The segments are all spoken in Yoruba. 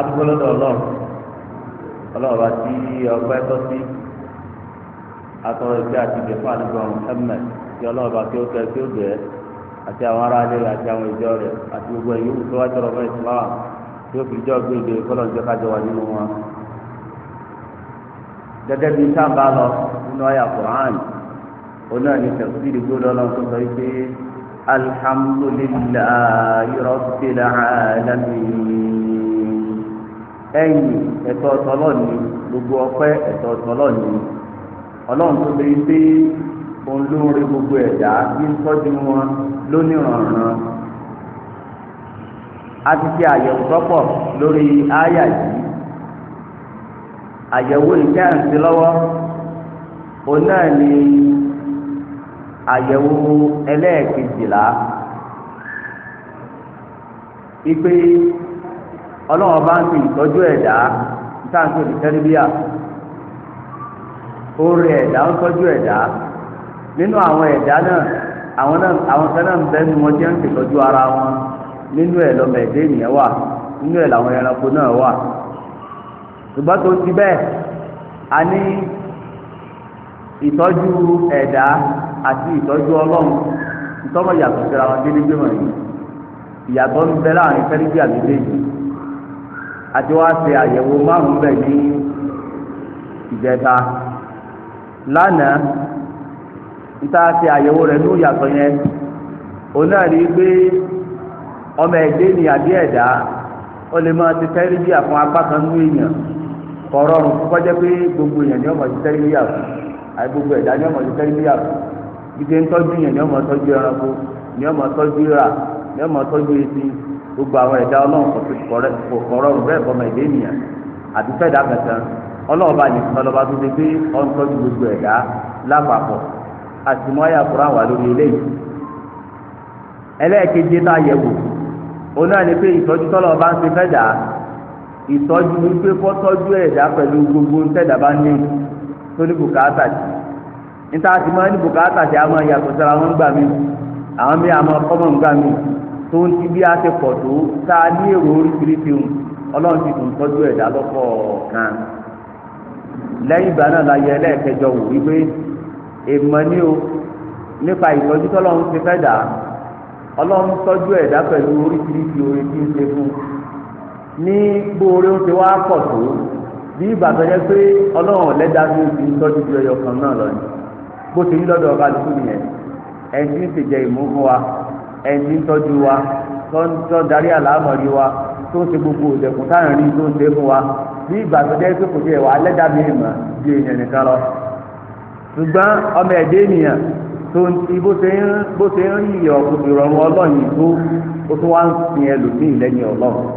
adúgbò lọ́dọ̀ ọlọ́run ọlọ́run bá ti ọgbẹ́ tọ́ sí atọ́rọ̀ ìgbé àti ìgbé fún àdúgbò Muhammad tí ọlọ́run bá kí ó kẹ́ kí ó gẹ̀ àti àwọn ará ilé rẹ̀ àti àwọn ìjọ rẹ̀ àti gbogbo ẹ̀yìn òkú tó wá tọrọ fún Islam tí ó fi jọ́ gbé ìgbé kọ́lọ̀ ń jẹ́ kájọ wà nínú wọn. gẹ́gẹ́ bí sábà lọ nínú àyà Quran oní àyè tẹ̀síìrì gbọ́dọ̀ lọ tó sọ pé alhamdulillahi rabbil alamin ẹ̀yìn ẹ̀tọ́ ọ̀tọ̀lọ́ọ̀ni gbogbo ọpẹ́ ẹ̀tọ́ ọ̀tọ̀lọ́ọ̀ni ọlọ́run tó lè dé òun ló ń rí gbogbo ẹ̀dá bí ń tọ́jú wọn lónìrànràn a ti ṣe àyẹ̀wò tọ́pọ̀ lórí ááyà yìí àyẹ̀wò ìkẹ́ àǹtí lọ́wọ́ òun náà ni àyẹ̀wò ẹlẹ́ẹ̀kejìlá ipe ọlọ́run bá ń fi ìtọ́jú ẹ̀dá sáǹkì olùtẹ́lẹ́bíà oore ẹ̀dá ń tọ́jú ẹ̀dá nínú àwọn ẹ̀dá náà àwọn náà àwọn kan náà ń bẹ́ nu wọn ń nínú ẹ̀ lọ́mọ ẹ̀dá ènìyàn wà nínú ẹ̀ làwọn ẹranko náà wà ṣùgbọ́n tó ti bẹ́ẹ̀ a ní ìtọ́jú ẹ̀dá àti ìtọ́jú ọlọ́run ìtọ́mọ̀ yàtọ̀ síra wọn wọ̀nyí ìyàtọ̀ ń bẹ àti wá ṣe àyẹ̀wò márùn-ún bẹ̀ ní ìjẹta lánàá níta ṣe àyẹ̀wò rẹ̀ ní yẹn òun náà rí i pé ọmọ ẹ̀dẹ́ ni àbí ẹ̀dá ó lè máa ti tẹ́rí bí àfọ̀n apá kan ní èèyàn kọ̀ rọrùn kọjá pé gbogbo èèyàn ni ọmọ ti tẹ́rí gbogbo ẹ̀dá ni ọmọ ti tẹ́rí bí àfọ̀n gbígbé ń tọ́jú yẹn ni ọmọ tọ́jú ẹranko ni ọmọ tọ́jú ni ọmọ tọ́jú gbogbo àwọn ẹ̀dá ọlọ́run kọ̀ọ̀rọ̀ rẹ̀ fọmọ ẹ̀dá ènìyàn àti fẹ́ẹ̀dá kẹsàn-án ọlọ́run bá nìkan lọ́ba tó ṣe pé ọ̀n tọ́jú gbogbo ẹ̀dá lápapọ̀ àtìmọ́yà kúrò wà lórí eléyìí ẹlẹ́ẹ̀keje tá a yẹ wò òun náà ni pé ìtọ́jú tọ́lọ́ bá ń ṣe fẹ́ẹ̀dá ìtọ́jú wípé fọ́tọ́jú ẹ̀dá pẹ̀lú gbogbo ntẹ́dá bá ní tó ní bùkátà sí níta àti máa ní bùkátà sí àwọn ìyàtọ̀ sára wọn gbà mí àwọn mi àmọ́ kọ́mọ̀ ń tó ń ti bí a ti pọ̀ tó tá a ní èrò oríṣiríṣi òun ọlọ́run ti tún tọ́jú ẹ̀dá lẹ́yìn ìgbà náà la yẹ ẹlẹ́ẹ̀kẹjọ wò wípé èèmọ̀ ní o nípa ìtọ́jú tọ́lọ́run ti fẹ́ dà ọlọ́run tọ́jú ẹ̀dá pẹ̀lú oríṣiríṣi tí ń ṣe fún ní gbóore ó ti wá pọ̀ tó bí ìgbà tó yẹ pé ọlọ́run ọ̀lẹ́dá ní ti ń tọ́jú ju ẹyọ kan náà ẹni tọ́jú wa tó darí àlámọ̀rí wa tó ṣe gbogbo òdẹ̀kùn táwọn rí tó ṣe fún wa bí ìgbà tó jẹ́ pé kò wà lẹ́dàbí ìmọ̀ bí èèyàn nìkan lọ. ṣùgbọ́n ọmọ ẹ̀dẹ́ ènìyàn tó ń ti bó ṣe ń ìrọ̀rùn ọlọ́run yìí tó ó tún wá ń sin ẹlòmíì lẹ́yìn ọlọ́run.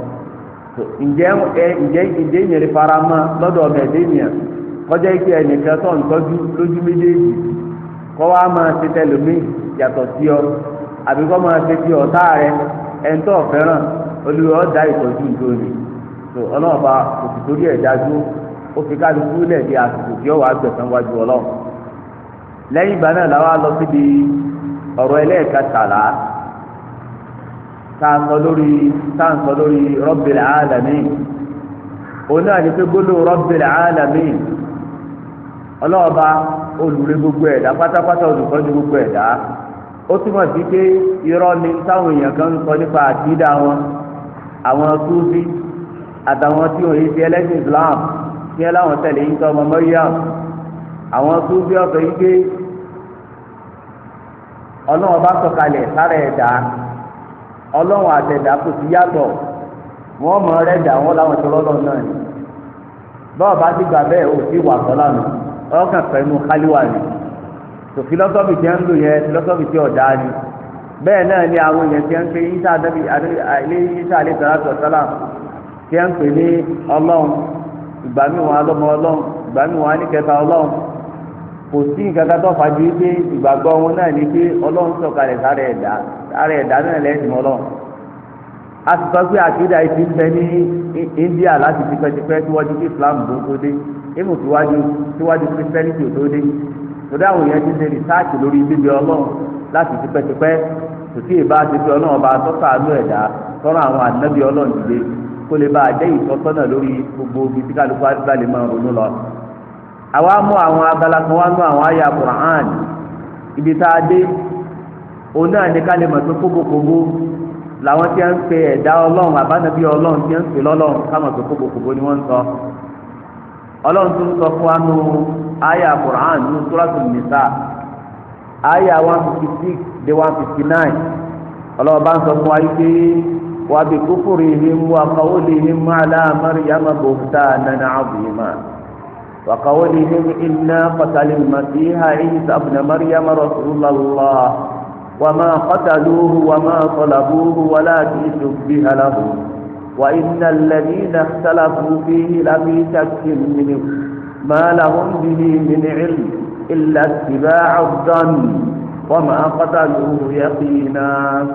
ǹjẹ́ lè fara mọ́ lọ́dọ̀ ọmọ ẹ̀dẹ́ àbí kọ́ máa ṣe bí ọ̀tá rẹ ẹ̀ńtọ́ fẹ́ràn olùwẹ̀ ọ̀dà ìtọ́jú ìdóni tó ọlọ́ọ̀ba òsì torí ẹ̀ dájú ó fi kálukú lẹ̀ di àsìkò tí ó wàá wájú ọrụ lẹ́yìn ìgbà náà làwọn lọ síbi ọ̀rọ̀ ẹlẹ́ẹ̀kẹtàlá sáǹsọ lórí sáǹsọ lórí òun náà ní pé gbólóhùn olùrẹ́ gbogbo ẹ̀dá pátápátá olùkọ́jú gbogbo ẹ̀dá. ó túmọ̀ sí pé irọ́ ni táwọn èèyàn kan ń sọ nípa àtìdá wọn àwọn túbí àtàwọn tí òye ti ẹlẹ́sìn Islam tí ẹ láwọn tẹ̀lé yín tọ́ ọmọ Maryam àwọn túbí ọ̀sẹ̀ yìí pé ọlọ́run bá sọ̀kalẹ̀ sára ẹ̀dá àtẹ̀dá kò sí yàtọ̀ wọ́n wọn láwọn tó lọ́lọ́ náà ni bọ́ọ̀ bá ti gbà tó filosofi tí ń lò yẹn filosofi tí ọ̀dà ni bẹ́ẹ̀ náà ni àwọn èèyàn tí ń pe isa adabi ilé isa alẹ́ sàlátọ̀ sálà tí ń pè ní ọlọ́run ìgbà mi wọn alọ́mọ ọlọ́run ìgbà kò sí nǹkan tó fàájú pé ìgbàgbọ́ wọn náà ni pé ẹ̀dá ẹ̀dá náà lẹ́yìn torí àwọn èèyàn ti ṣe rìsáàtì lórí bíbí ọlọ́run láti tipẹ́tipẹ́ tòtí ìbá ti fi ọlọ́run ọba tọ́ka àánú ẹ̀dá tọ́rọ àwọn ànábì ọlọ́run dìde kó lè bá a jẹ́ ìtọ́sọ́nà lórí gbogbo ibi tí kálukú àdúgbò lè máa ronú lọ. àwa mú àwọn abala kan wá mú àwọn àyà Qur'an ibi tá a dé òun náà ní ká lè mọ̀ pé kóbókóbó làwọn tí wọ́n ń pe ẹ̀dá ọlọ́run àbánábí ọlọ́run tí wọ́n ń pe lọ́lọ́run ká mọ̀ pé kóbókóbó ni wọ́n ń ọlọ́run tó ń sọ fún wa nù àyà Qur'an ní suratul nisa àyà one fifty six dé one fifty nine ọlọ́run bá ń sọ fún wa yìí pé wà bí kufrihim wà qawlihim ala Maryama buhtanan azima wà qawlihim inna qatalal masiha Isa ibn Maryama rasulallah wà má qataluhu wà má salabuhu walakin shubbiha lahum. وإن الذين اختلفوا فيه لفي شك منه ما لهم به من علم إلا اتباع الظن وما قتلوه يقينا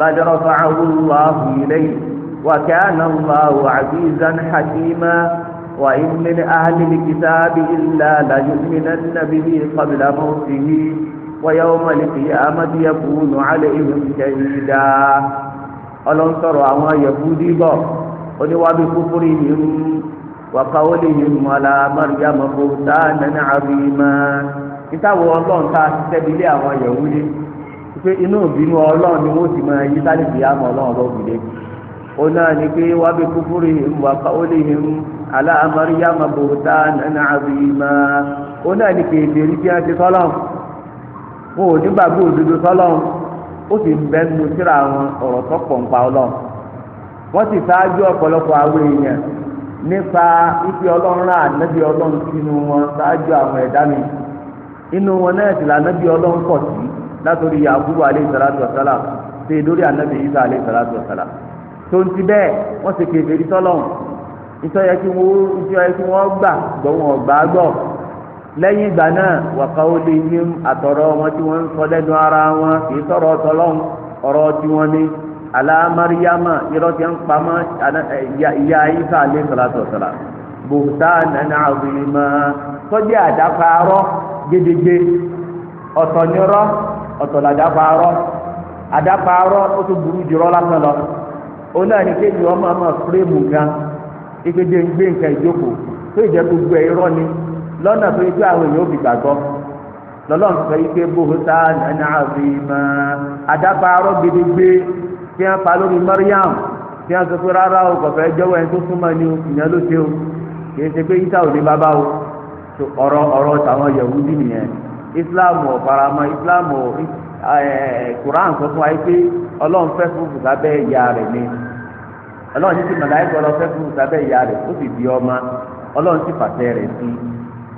بل رفعه الله إليه وكان الله عزيزا حكيما وإن من أهل الكتاب إلا ليؤمنن به قبل موته ويوم القيامة يكون عليهم شهيدا ọlọ́nsọ̀rọ̀ àwọn yẹ̀fúdí bọ̀ oníwàbí kúkúrú yìí ń wàkàwọ́ lè yìí mọ́ la mọ́rìyá mọ́kò tá a nana àbí mọ́ nítawọ̀ ọlọ́run tá a ti tẹ́bi lé àwọn yẹ̀wúdí pé inú ìbínú ọlọ́run ni wọ́n ti máa yí sálíkì àmọ́ ọlọ́run bọ̀ gbìlẹ̀ ó náà ní pé wàbí kúkúrú yìí ń wàkàwọ́ yìí ń alá mọ́rìyá mọ́kò tá a nana ó náà ní ó sì ń bẹ́ nu síra àwọn ọ̀rọ̀ tó pọ̀ ń pa ọlọ́run wọ́n sì ṣáájú ọ̀pọ̀lọpọ̀ àwọn èèyàn nípa ife ọlọ́run rà nẹ́bí ọlọ́run sínú wọn ṣáájú àwọn ẹ̀dá mi inú wọn náà sì lànàbí ọlọ́run pọ̀ sí látòrí Yakubu alayhi salatu wa salam ṣe lórí ànàbí Isa alayhi salatu wa salam tó ń ti bẹ́ẹ̀ wọ́n sì kéde ìtọ́lọ́run ìtọ́yẹ kí wọ́n gbà gbọ́ wọn ọ̀gbà gbọ́ lẹ́yìn ìgbà náà wàkà ó lè yí àtọ̀rọ̀ wọn tí wọ́n ń sọ lẹ́nu ara wọn kì í sọ̀rọ̀ ọ̀tọ̀lọ́n ọ̀rọ̀ tí wọ́n ní alámaríyámà irọ́ tí ń pamọ́ ìyá isa alẹ́ sọ̀làsọ̀sọ̀là bùtá nana àwìmá sọ́jà àdáfàárọ̀ gédégbé ọ̀tọ̀nirọ́ ọ̀tọ̀làdáfàárọ̀ àdáfàárọ̀ ó tún burú jùlọ lásán lọ ó náà ní kéde ọmọ ọmọ fúrẹ́mù gan ìgbéjẹ́ ń nǹkan ìjókòó tó ìjẹ́ gbogbo ẹ̀ irọ́ ni. lọ́nà tó yẹ kí àwọn èèyàn ò fi gbàgbọ́ lọ́lọ́run fẹ́ yí pé adábàárọ̀ gidigbe wọ́n Mariam wọ́n sọ pé rárá o kọ̀fẹ́ jẹ́wọ́ ẹni tó súnmọ́ ni ìyẹn ló ṣe o kì í ṣe pé yíṣà ò ní o ọ̀rọ̀ ọ̀rọ̀ tàwọn Yahudi nìyẹn Islam ò Islam ò Quran sọ fún wa pé ọlọ́run fẹ́ fún fún ìyá rẹ̀ ni ọlọ́run ti ti kọ́ lọ fẹ́ fún fún ìyá rẹ̀ ó sì di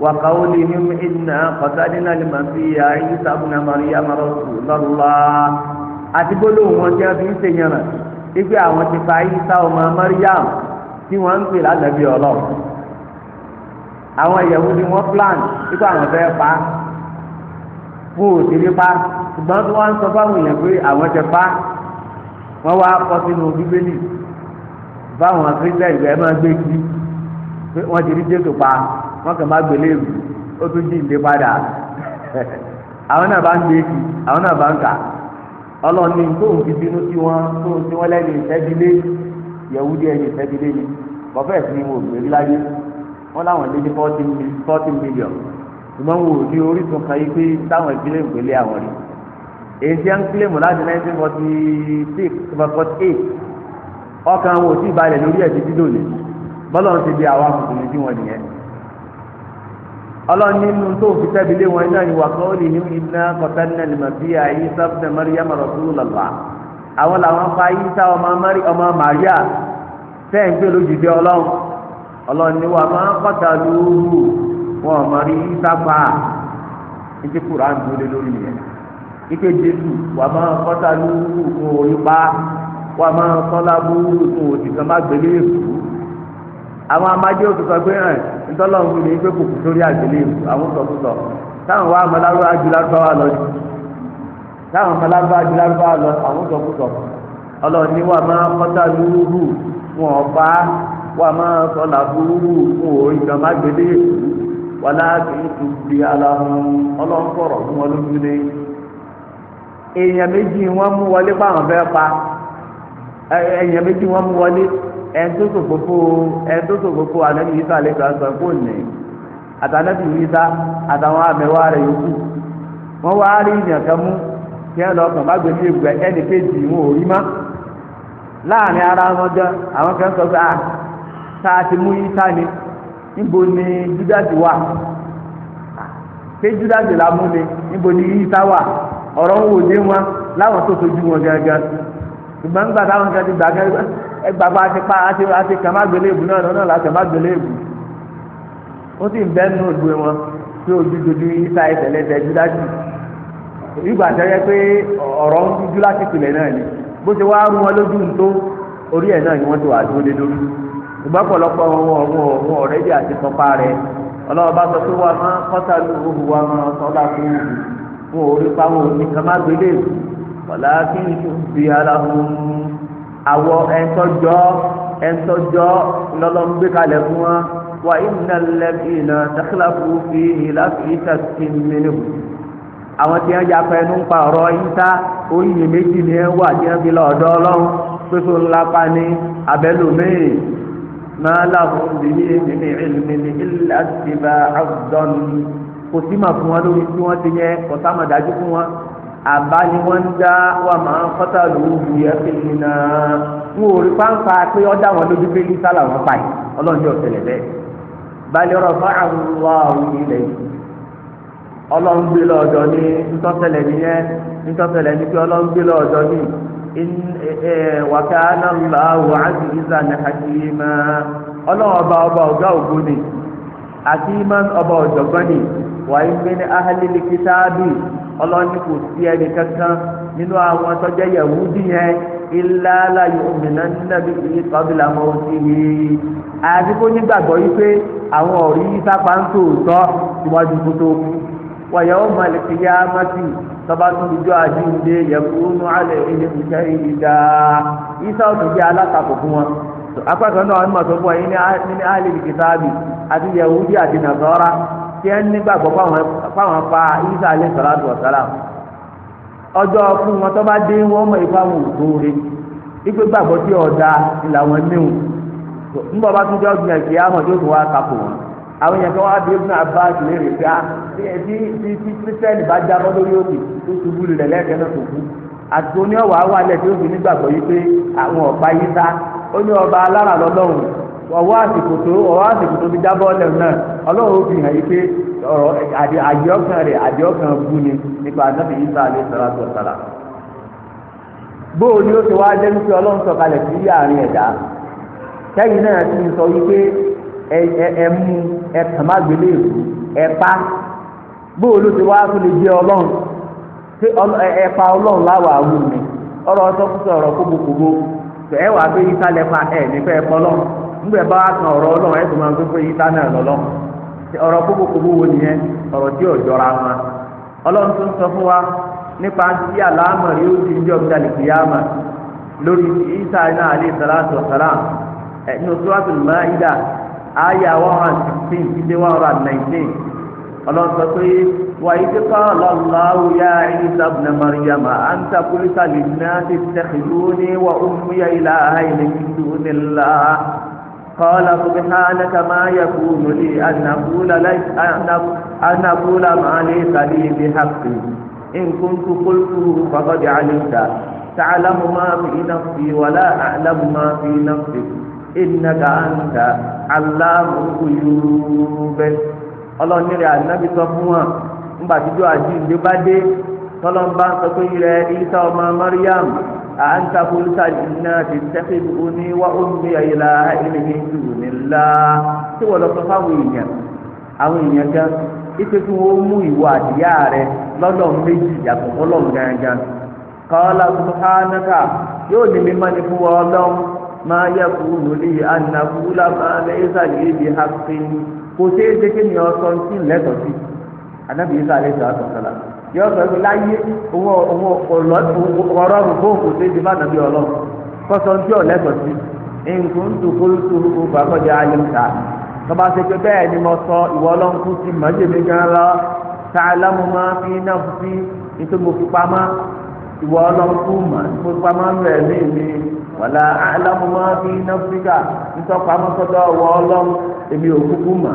وقولهم إنا قتلنا المسيح عيسى ابن مريم رسول الله àtibóló wọn tí a fi ń sèyàn rẹ ibi àwọn ti fa Isa ọmọ Mariam tí wọn ń pè lánàbí Ọlọ́run àwọn Yẹhudi wọn plan ipa àwọn fẹẹ pa fún òsì nípa ṣùgbọ́n tí wọn sọ fáwọn èèyàn pé àwọn ti pa wọn wá kọ sínú Bíbélì báwọn Kristian ìgbà ẹ máa gbé kí wọn ti rí Jésù pa wọ́n kàn máa gbélé ewu ó tún jí ìdè padà àwọn náà bá ń gbé kí àwọn náà bá ń kà ọlọ́ọ̀ni tóun ti bínú sí wọn tóun ti wọ́n lẹ́nu ìfẹ́dílé yẹ̀wù díẹ̀ ní ìfẹ́dílé ni bọ́fẹ́ ẹ̀sìn ni wọn ò gbèrí láyé wọ́n láwọn lé ní fourteen million ṣùgbọ́n wọn ò ní orísun kan yìí pé táwọn ìpínlẹ̀ ìpínlẹ̀ àwọn rí èyí tí wọ́n ń kílèmù láti nineteen forty six forty eight ọkàn wọn ò sì balẹ̀ lórí ẹ̀sìn dídò ní bọ́lọ̀ ń ti di àwọn akùnkùn ní tí wọ́n nìyẹn ọlọ́run nínú tó fi tẹ́bi lé wọn náà ìwà kan ó lè ní iná kọ́tánná lè mà bí ayé sábẹ́ Maryam Rasulullah àwọn làwọn fa ayíṣà ọmọ Maria fẹ́ẹ̀ ń pè lójijì ọlọ́run ọlọ́run ní wa máa ń pàtà lóòrù wọn ò mọ rí sábà ní ti kúrò à ń dúró lórí yẹn ike jésù wa máa ń pàtà lóòrù fún òyìnbá wa máa ń sọ́lá lóòrù fún òjì má gbélé èkó àwọn amájẹ́ òtútù pé hàn ntọ́lọ́ ń fún mi pé kò kú sórí àgbélé àwọn sọ̀tọ̀sọ̀ táwọn wá amaláwá adúlágbáwá lọ táwọn amaláwá adúlágbáwá lọ àwọn sọ̀tọ̀sọ̀ ọlọ́ọ̀ni wà máa kọ́tà lúrú wọn ọ̀pá wà máa sọ̀là burúkú wọn ò ìjọba gbélé wà láàbí tùbí aláwọn ọlọ́ńkọ̀rọ̀ fún wọn lójú lé èèyàn méjì wọn mú wọlé pàwọn fẹ́ pa èèyàn méjì wọn mú wọlé ẹ̀ńtóso gbogbo ẹ̀ńtóso gbogbo anabi isa aleka sọ kó nì àtànàbì isa àtàwọn amẹwà rẹ yòókù wọn wá rí ìyàn ma kí ẹ lọ bá gbé wọn ò rí má láàrin ara wọn jẹ àwọn kan sọ pé a tá a ti mú isa ni níbo ni júdásì wà pé la mú ni níbo ni wà ọ̀rọ̀ ń wò dé wọn láwọn tó wọn ṣùgbọ́n nígbà táwọn kan ti gbà kẹ́ ẹgbà bá ti pa àti àti kàn má gbélé ìbù náà lọ́nà láti má gbélé ìbù ó sì ń bẹ́ nù òdu wọn pé ojú dojú ìta ìtẹ̀lẹ́tẹ̀ dájú ìgbà tẹ́lẹ̀ pé ọ̀rọ̀ ń dúdú láti pìlẹ̀ náà ni bó ṣe wá rú wọn lójú ń tó orí ẹ̀ náà ni wọ́n ti wà dúró dé lórí ìgbà pọ̀lọpọ̀ wọn wọn ọ̀rẹ́ bí àti tọ́pa rẹ̀ ọlọ́wọ́ bá sọ pé wọ́n máa walakin shubbiha lahum àwọ̀ ẹ̀ńtọ́jọ́ ẹ̀ńtọ́jọ́ lọ́lọ́mgbé kalẹ̀ fún wa wa innal ladina takhlafu fihi láfi shakkin minhu àwọn tí wọ́n japa ẹnu ń pa ọ̀rọ̀ yíta oyin méjì ni ẹ wà tí wọ́n fi lọ ọ̀dọ̀ ọlọ́run pépé ńlá pa ní abẹ́lómìn máa láwọn obìnrin nínú ìlú àti ìbá àwùjọ ni kò sí mà fún wọn lórí tí wọ́n ti yẹ kò sáà dájú fún wọn. àbáni wọn dá wà máa ń lóògùn yẹn ya náà ń wò rí pé ọjà wọn lójú pé ní sálà wọn pa yìí ọlọ́run yóò tẹ̀lé bẹ́ẹ̀ balẹ̀ ọ̀rọ̀ fún àwọn àwọn ilẹ̀ yìí ọlọmgbe gbé ní nìyẹn ní pé ní wàkàánà ọba ọba ọ̀gá ni ọba ọlọ́ni kò sí ẹni kankan nínú àwọn tọ́jẹ́ yẹ̀wúdí yẹn ilá láyò òmìnira níbi ìyí kọ́bílà mọ́ òsì yìí àti kó nígbàgbọ́ yìí pé àwọn ọ̀rí sápá ń tòótọ́ síwájú kó tó kú wọ̀yẹ̀ ó mọ̀ lẹ́kẹ̀ yá mọ́tì tọ́ba tó ń jọ àjíǹde yẹ̀kúnú alẹ́ ilé ìṣẹ́ ìdá isa ò tún jẹ́ alátakò fún wọn apá kan náà wọn mọ̀ tó bọ̀ yín ní alẹ́ ìkìtàbì tí ẹ nígbàgbọ́ fáwọn fa isa alẹ́ sọ̀rọ̀ ọ̀sálà ọjọ́ fún wọn tó bá dé wọ́n mọ ipa wọn ò ipe gbàgbọ́ tí ọ̀dà làwọn níwò nígbà bá tún kápò wọn àwọn èèyàn bí a ti ti ti kristiani bá jábọ́ lórí òkè tó ṣubú lulẹ̀ lẹ́ẹ̀kẹ́ náà tó kú àti tí ó ọwọ́ àsìkò tó ọwọ́ àsìkò tó fi jábọ́ náà ọlọ́run fi hàn yí pé ọ̀rọ̀ rẹ̀ bú ni nípa ti wá jẹ́ wípé ọlọ́run sọ̀kalẹ̀ sí àárín ẹ̀dá kẹ́yìn náà ti sọ wípé ẹ mú ẹ kàn má gbélé ẹ pa bóò ló wá lè jẹ́ ọlọ́run pé ẹ pa ọlọ́run láwàá wù mí ọ̀rọ̀ sọkúsọ ọ̀rọ̀ kóbokòbo nígbà bá kan ọ̀rọ̀ ọlọ́run ẹ̀ tó máa ń gbé pé yíta náà lọ́lọ́ ọ̀rọ̀ kókókókó wo nìyẹn ọ̀rọ̀ tí ò jọra wọn ọlọ́run tó ń sọ fún wa nípa tí àlámọ̀ yóò di ìjọ ìdàlùkìyàmà lórí isa iná alẹ́ ìsàlátù ọ̀sàlám ẹ̀nu sọ́wọ́sì máìdá àyà one hundred sixteen títí one hundred nineteen ọlọ́run sọ pé wà yìí ti kọ́ lọ́láwù yá isa ibn maryam anta qulta lin-nasi ittakhiduni wa ummiya ilahaini min dunillah. قال سبحانك ما يكون لي أن أقول ليس أن أقول ما ليس لي بحق إن كنت قلته فقد علمت تعلم ما في نفسي ولا أعلم ما في نفسك إنك أنت علام الغيوب Ọlọ́run ní rẹ ànábi sọ fún wa ńgbà tíjọ àjíǹde bá dé tọlọmọba sọ pé rẹ ìsá ọmọ Mariam أأنت قلت للناس اتخذوني وأمي إله من دون الله سوى لطفا وينيا àwọn èèyàn gan ipe tí wọn mú ìwọ àdìyá rẹ lọ́dọ̀ méjì yàtọ̀ fọ́lọ́run gangan kọlá subhanaka yóò ní mímọ́ ní fún wọn Ọlọ́run máa yẹ kú lórí anakula máa lẹ ìsàlẹ ìdí hapi kò sí ẹsẹ kí ni ọsọ ń tì lẹtọ sí anábìyí sàlẹ ìsàlẹ sọsọlá yọ sọ pé láyé owó owó ọ̀rọ̀ rògbò kò sí ti bá nàbí ọlọ́ kọ́sọ́ ní ọ̀lẹ́sọ̀ sí nǹkan tó kóró tó o bá kọjá ayé ta tọ́ba ni mo sọ ìwọ ọlọ́nkú ti mọ̀jẹ̀mí gan lọ ta'lamu ma fi nafsi nítorí mo fi pamọ́ ìwọ ọlọ́nkú mọ̀ mo fi pamọ́ rẹ̀ ní mi wàlá a'lamu ma fi nafsika nítorí pamọ́ sọ́dọ̀ ìwọ ọlọ́nkú èmi ò kúkú mọ̀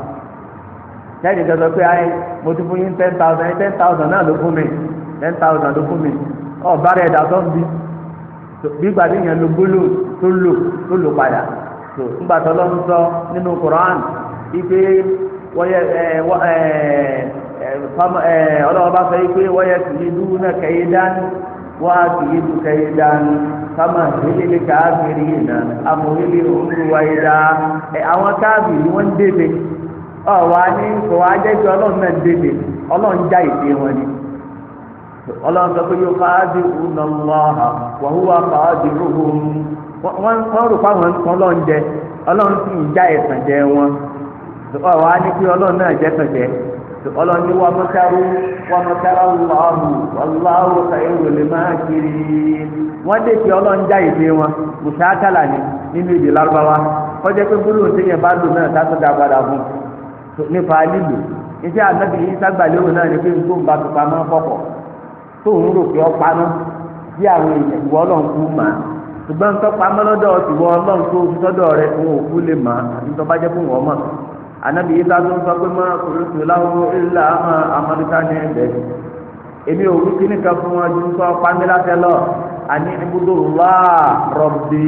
lẹ́yìn ìjọba pé ayé mo ti fún yín ten thousand ten thousand náà ló fún mi ten thousand ló fún mi ọba rẹ̀ dà ń bi gbígbà tí yẹn lo gbólò tó lò tó lò padà tó tó lọ́ ń sọ nínú Quran ipe wọ́yẹ ẹ ẹ ọlọ́wọ́ bá sọ ipe wọ́yẹ tìyí dúró náà dání wọ́n á tìyí dúró dání káàbìrì yìí náà ọ̀wá ní kò wá jẹ́ kí ọlọ́run náà ọlọ́run já wọn ni ọlọ́run sọ pé yóò fàájì ọ̀nà lọ́ha wàhúwà fàájì rúhùn wọ́n rò fáwọn ọlọ́run jẹ ọlọ́run sì ń já ẹ̀sán jẹ wọn ọ̀wá ní kí ọlọ́run náà jẹ́ ẹ̀sán ọlọ́run ní mọ́tàrú mọ́tàrú lè kiri wọ́n dé kí ọlọ́run já wọn nínú lárúbáwá kọjá pé gbólóhùn bá lò náà tá nípa lílò iṣẹ́ ànábì yìí ságbàlérò náà ni pé nǹkó nǹkan tuntun máa fọkọ̀ tó ń rò pé ọ paná bí àwọn èèyàn ìwọ ọlọ́run kú mà á ṣùgbọ́n nǹkan pamọ́ lọ́dọ̀ ìwọ ọlọ́run tó fi sọ́dọ̀ rẹ fún òkú lè mà á nítorí bá jẹ́ fún wọn mọ̀ ànábì yìí ságbó sọ pé má kòròtò láwọn ilà àmọ́ amọ́dúká ní ẹ̀bẹ̀ èmi ò wí kíní kan fún wọn ju sọ pamílásẹ lọ àní ibùdó wà rọ̀bì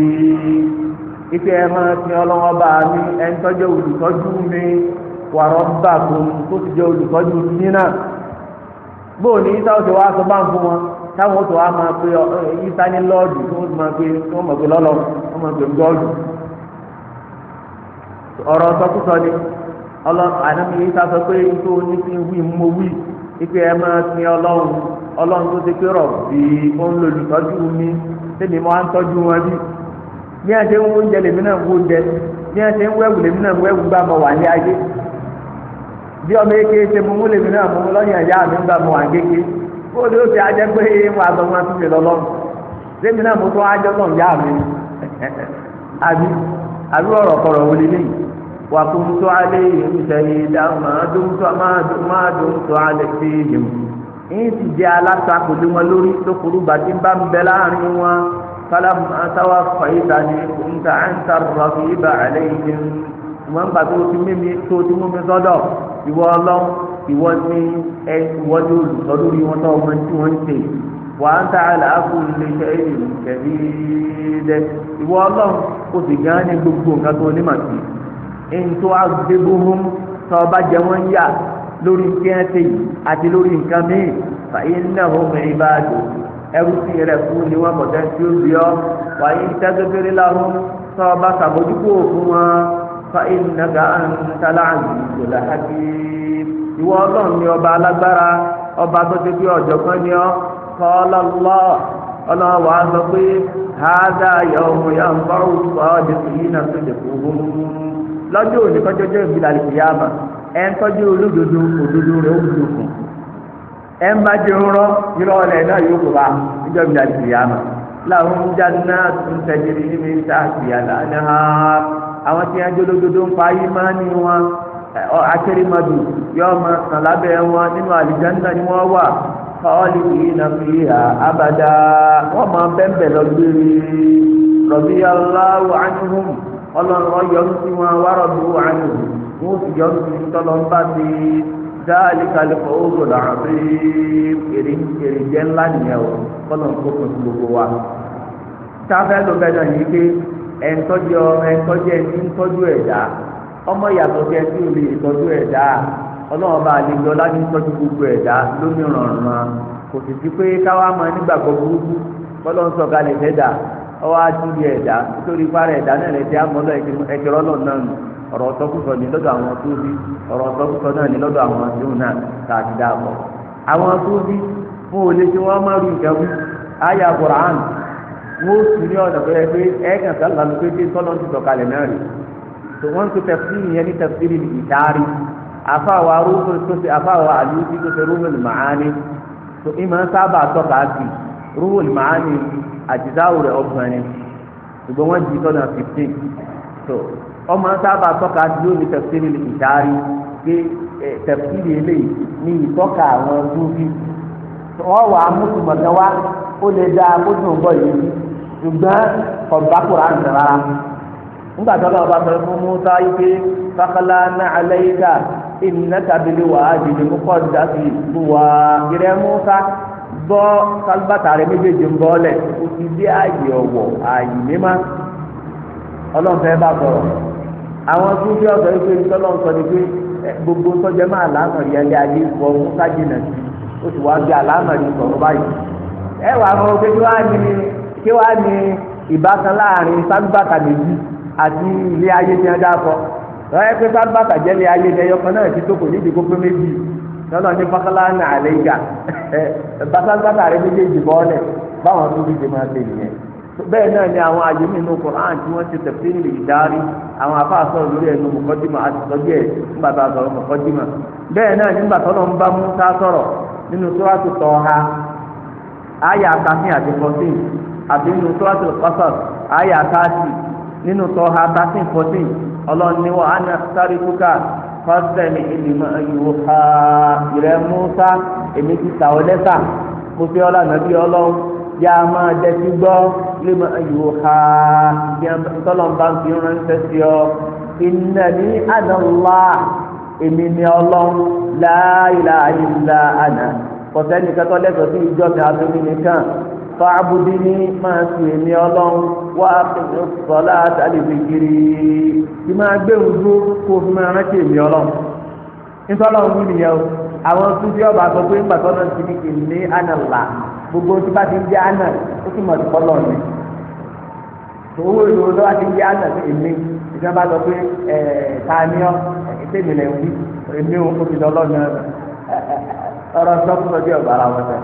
ife ẹ̀ máa fi ọlọ́wọ́ bá mi ẹ̀ ń tọ́jú olùtọ́jú mi. wàrọ̀ bá tó ti jẹ́ olùtọ́jú nínà bóò ní isa ó wá sọ wọn táwọn wá isa ní lọ́ọ̀dù máa pe máa pe lọ́lọ́ máa pe gọ́ọ̀dù ọ̀rọ̀ sọkúsọ ni sọ pé wí wí ipe ẹ máa ọlọ́run ọlọ́run tó ti pé rọ̀ bí ń lo olùtọ́jú mi tẹ́lẹ̀ ń tọ́jú wọn bí bí a ṣe ń wọ́n jẹ lèmi náà wọ́n jẹ bí a ṣe bí ọmọ eke ṣe mú mú lèmi náà mú mú lọ́yìn ẹ̀yà mi ń gbà kó o ló ṣe ajẹ́ pé mo àgbọ̀n wọn ti lè lọ lọ́rùn lèmi náà mo tó ajọ́ náà yá mi àbí àbí ọ̀rọ̀ kọ̀rọ̀ wò wà kó tó alẹ́ sẹ́yìn máa dùn tó alẹ́ sí yìí lé wọn lórí bàtí bá ń bẹ ìwọ ọlọ́run ìwọ ní ẹ ìwọ ní olùsọ lórí wọn tó ọmọ tí wọ́n ń ṣe wà á ń ta àlàáfù lè ṣe é lè kẹ̀lí dẹ ìwọ ọlọ́run o sì gan ní gbogbo nǹkan tó onímọ̀ sí i ntọ́ agbébóhùn tó ọba jẹ wọ́n yà lórí kíẹ́ńtì àti lórí nǹkan míì fàyè náà ó mẹ́rin bá a dùn ẹrú sí rẹ̀ fún ni wọ́n mọ̀ tẹ́ńtì ó bí ọ wàyí tẹ́gẹ́gẹ́rẹ́ láhùn tó ọba sàbójúkú òfin wọn. فإنك أنت العزيز الحكيم ìwọ ọlọ́run ni ọba alágbára ọba tó ti pé ọ̀jọ̀gbọ́n ni ọ́ kọ́lá lọ́ ọlọ́run wàá sọ pé hádà yọ̀ọ̀mù yà ń bá òkú ọ̀dẹ̀ kò yí náà lọ́jọ́ òní kọjọ́ jẹ́ ìbílẹ̀ ẹ̀ ń tọ́jú olódodo òdodo rẹ̀ ẹ̀ ń bá rọ́ irọ́ ọ̀lẹ̀ náà yóò kó níjọ́ ìbílẹ̀ láwọn àwọn tí wọn jẹ olódodo ń pa ayé wọn akérèmọdù yóò máa sàn lábẹ́ wọn nínú àlìjáńdà ni wọ́n wà kọ́ọ̀lì yìí nà fi hà abàdà wọ́n máa bẹ́ẹ̀bẹ̀ lọ rọ̀bí aláwọ̀ ánúhùn ọlọ́run sí wọn wárọ̀ bí wọ́n ánúhùn wọ́n sì yọ sí tọ́lọ́ dáàlì jẹ́ ńlá nìyẹn o kọ́lọ̀ ń kó kùn gbogbo wa. táfẹ́ ló ẹ̀ńtọ́jú ọmọ ẹ̀ńtọ́jú ẹni ńtọ́jú ẹ̀dá ọmọ yàtọ̀ sí ẹtí ò lè tọ́jú ẹ̀dá ọlọ́run bá àlejò ọlájú gbogbo ẹ̀dá lómi rànran kò sì sí pé káwá máa nígbàgbọ́ burúkú bọ́lọ́ ń ẹ̀dá ọwọ́ àtúndì ẹ̀dá wọ́n ó sì ní ọ̀nà tó yẹ pé ẹ̀ẹ́kàn sá lànà pé dé tọ́lọ́ ti sọ̀kalẹ̀ náà rè tó wọ́n tó tafsiri yẹn ní tafsiri ìdárí afáwa rúbùn tó ṣe afáwa àlùbí tó ṣe rúbùn màání tó ìmọ̀ sábà tọ́ka sí rúbùn màání àtidáwò rẹ̀ ọgbọ̀n ni ṣùgbọ́n wọ́n jí tọ́lọ́ fifteen tó ọmọ sábà tọ́ka sí ó ní tafsiri ìdárí pé tafsiri eléyìí ní ìtọ́ka àwọn rúbùn wọ́n wà á mú ṣùgbọ́n ọba kura ń tẹ̀ra nígbà tó lọ́wọ́ bá fẹ́ fún musa ike fakala na alayka iná tabili wà á jìnnì mú kọ́ da fi bu wá ìrẹ́ musa bọ́ kálíbàtà rẹ méjèèjì ń bọ́lẹ̀ o ti dé ààyè ọ̀wọ̀ ààyè mímá ọlọ́ọ̀fẹ́ bá sọ̀rọ̀ àwọn tó fi ọ̀sọ̀ yìí pé ìtọ́lọ́ọ̀ sọ ni pé gbogbo sọ́jẹ́ máa lánà yẹn lé ayé bọ́ musa jìnnà sí o sì wá yìí sọ̀rọ̀ báyìí ẹ wà á mọ kí wàá ní ìbátan láàrin sálúbàtà méjì àti ilé ayé ní ọjà kọ lọ́yẹ́ pé jẹ́ ilé ayé náà ti tó kò ní ìdìbò pé méjì lọ́nà ní fọ́kànlá ní àlẹ́ ìgà bá sálúbàtà rẹ méjèèjì bọ́ ọ́lẹ̀ báwọn tó fi dèmọ̀ ṣe bẹ́ẹ̀ náà ni àwọn nínú tí wọ́n ti tẹ̀sí ní ìdarí àwọn afáàsọ lórí ẹnu mọ̀kọ́dìmọ̀ àti sọ́jú ẹ̀ nígbà a sọ̀rọ̀ mọ̀kọ́dìmọ̀ bẹ́ẹ̀ náà nígbà àyà àtàfin àti fourteen àti nínú sọ́wọ́tò kọ́sọ̀t àyà àtàtì nínú tọ́ha thirteen fourteen ọlọ́ọ̀niwọ̀ àná sáré kúkà kọ́sẹ̀mì ìlímọ̀ ìwò ha ìrẹ́ Musa èmi ti tà lẹ́sà mo ọlá nàbí ọlọ́run bí a máa dẹ́sí gbọ́ límọ̀ ìwò ha bí ń fi ránṣẹ́ sí ọ ìnàní àná èmi ni ọlọ́run la ilaha illa àná kọ̀sẹ́ni kẹ́tọ́ lẹ́sọ̀ọ́ sí ìjọ mi àtúnmí nìkan fàábùdí ní máa sì èmi ọlọ́run wá sọlá àtàlẹ́bí kiri kí máa gbé ojú kó fi máa rántí èmi ọlọ́run nítorí ọ̀hún wí nìyẹn o àwọn túbí ọba sọ pé pàtó náà ti ní ìní ànàlà gbogbo tí bá ti ń jẹ ànà ó sì mọ̀ sí kọ́lọ̀ mi owó ìlú ló ti ń jẹ ànà sí èmi ìjọba sọ pé ẹ̀ẹ́d ọ̀rọ̀ sọ́kùnrin bí ọ̀gbà ara wọn tẹ̀.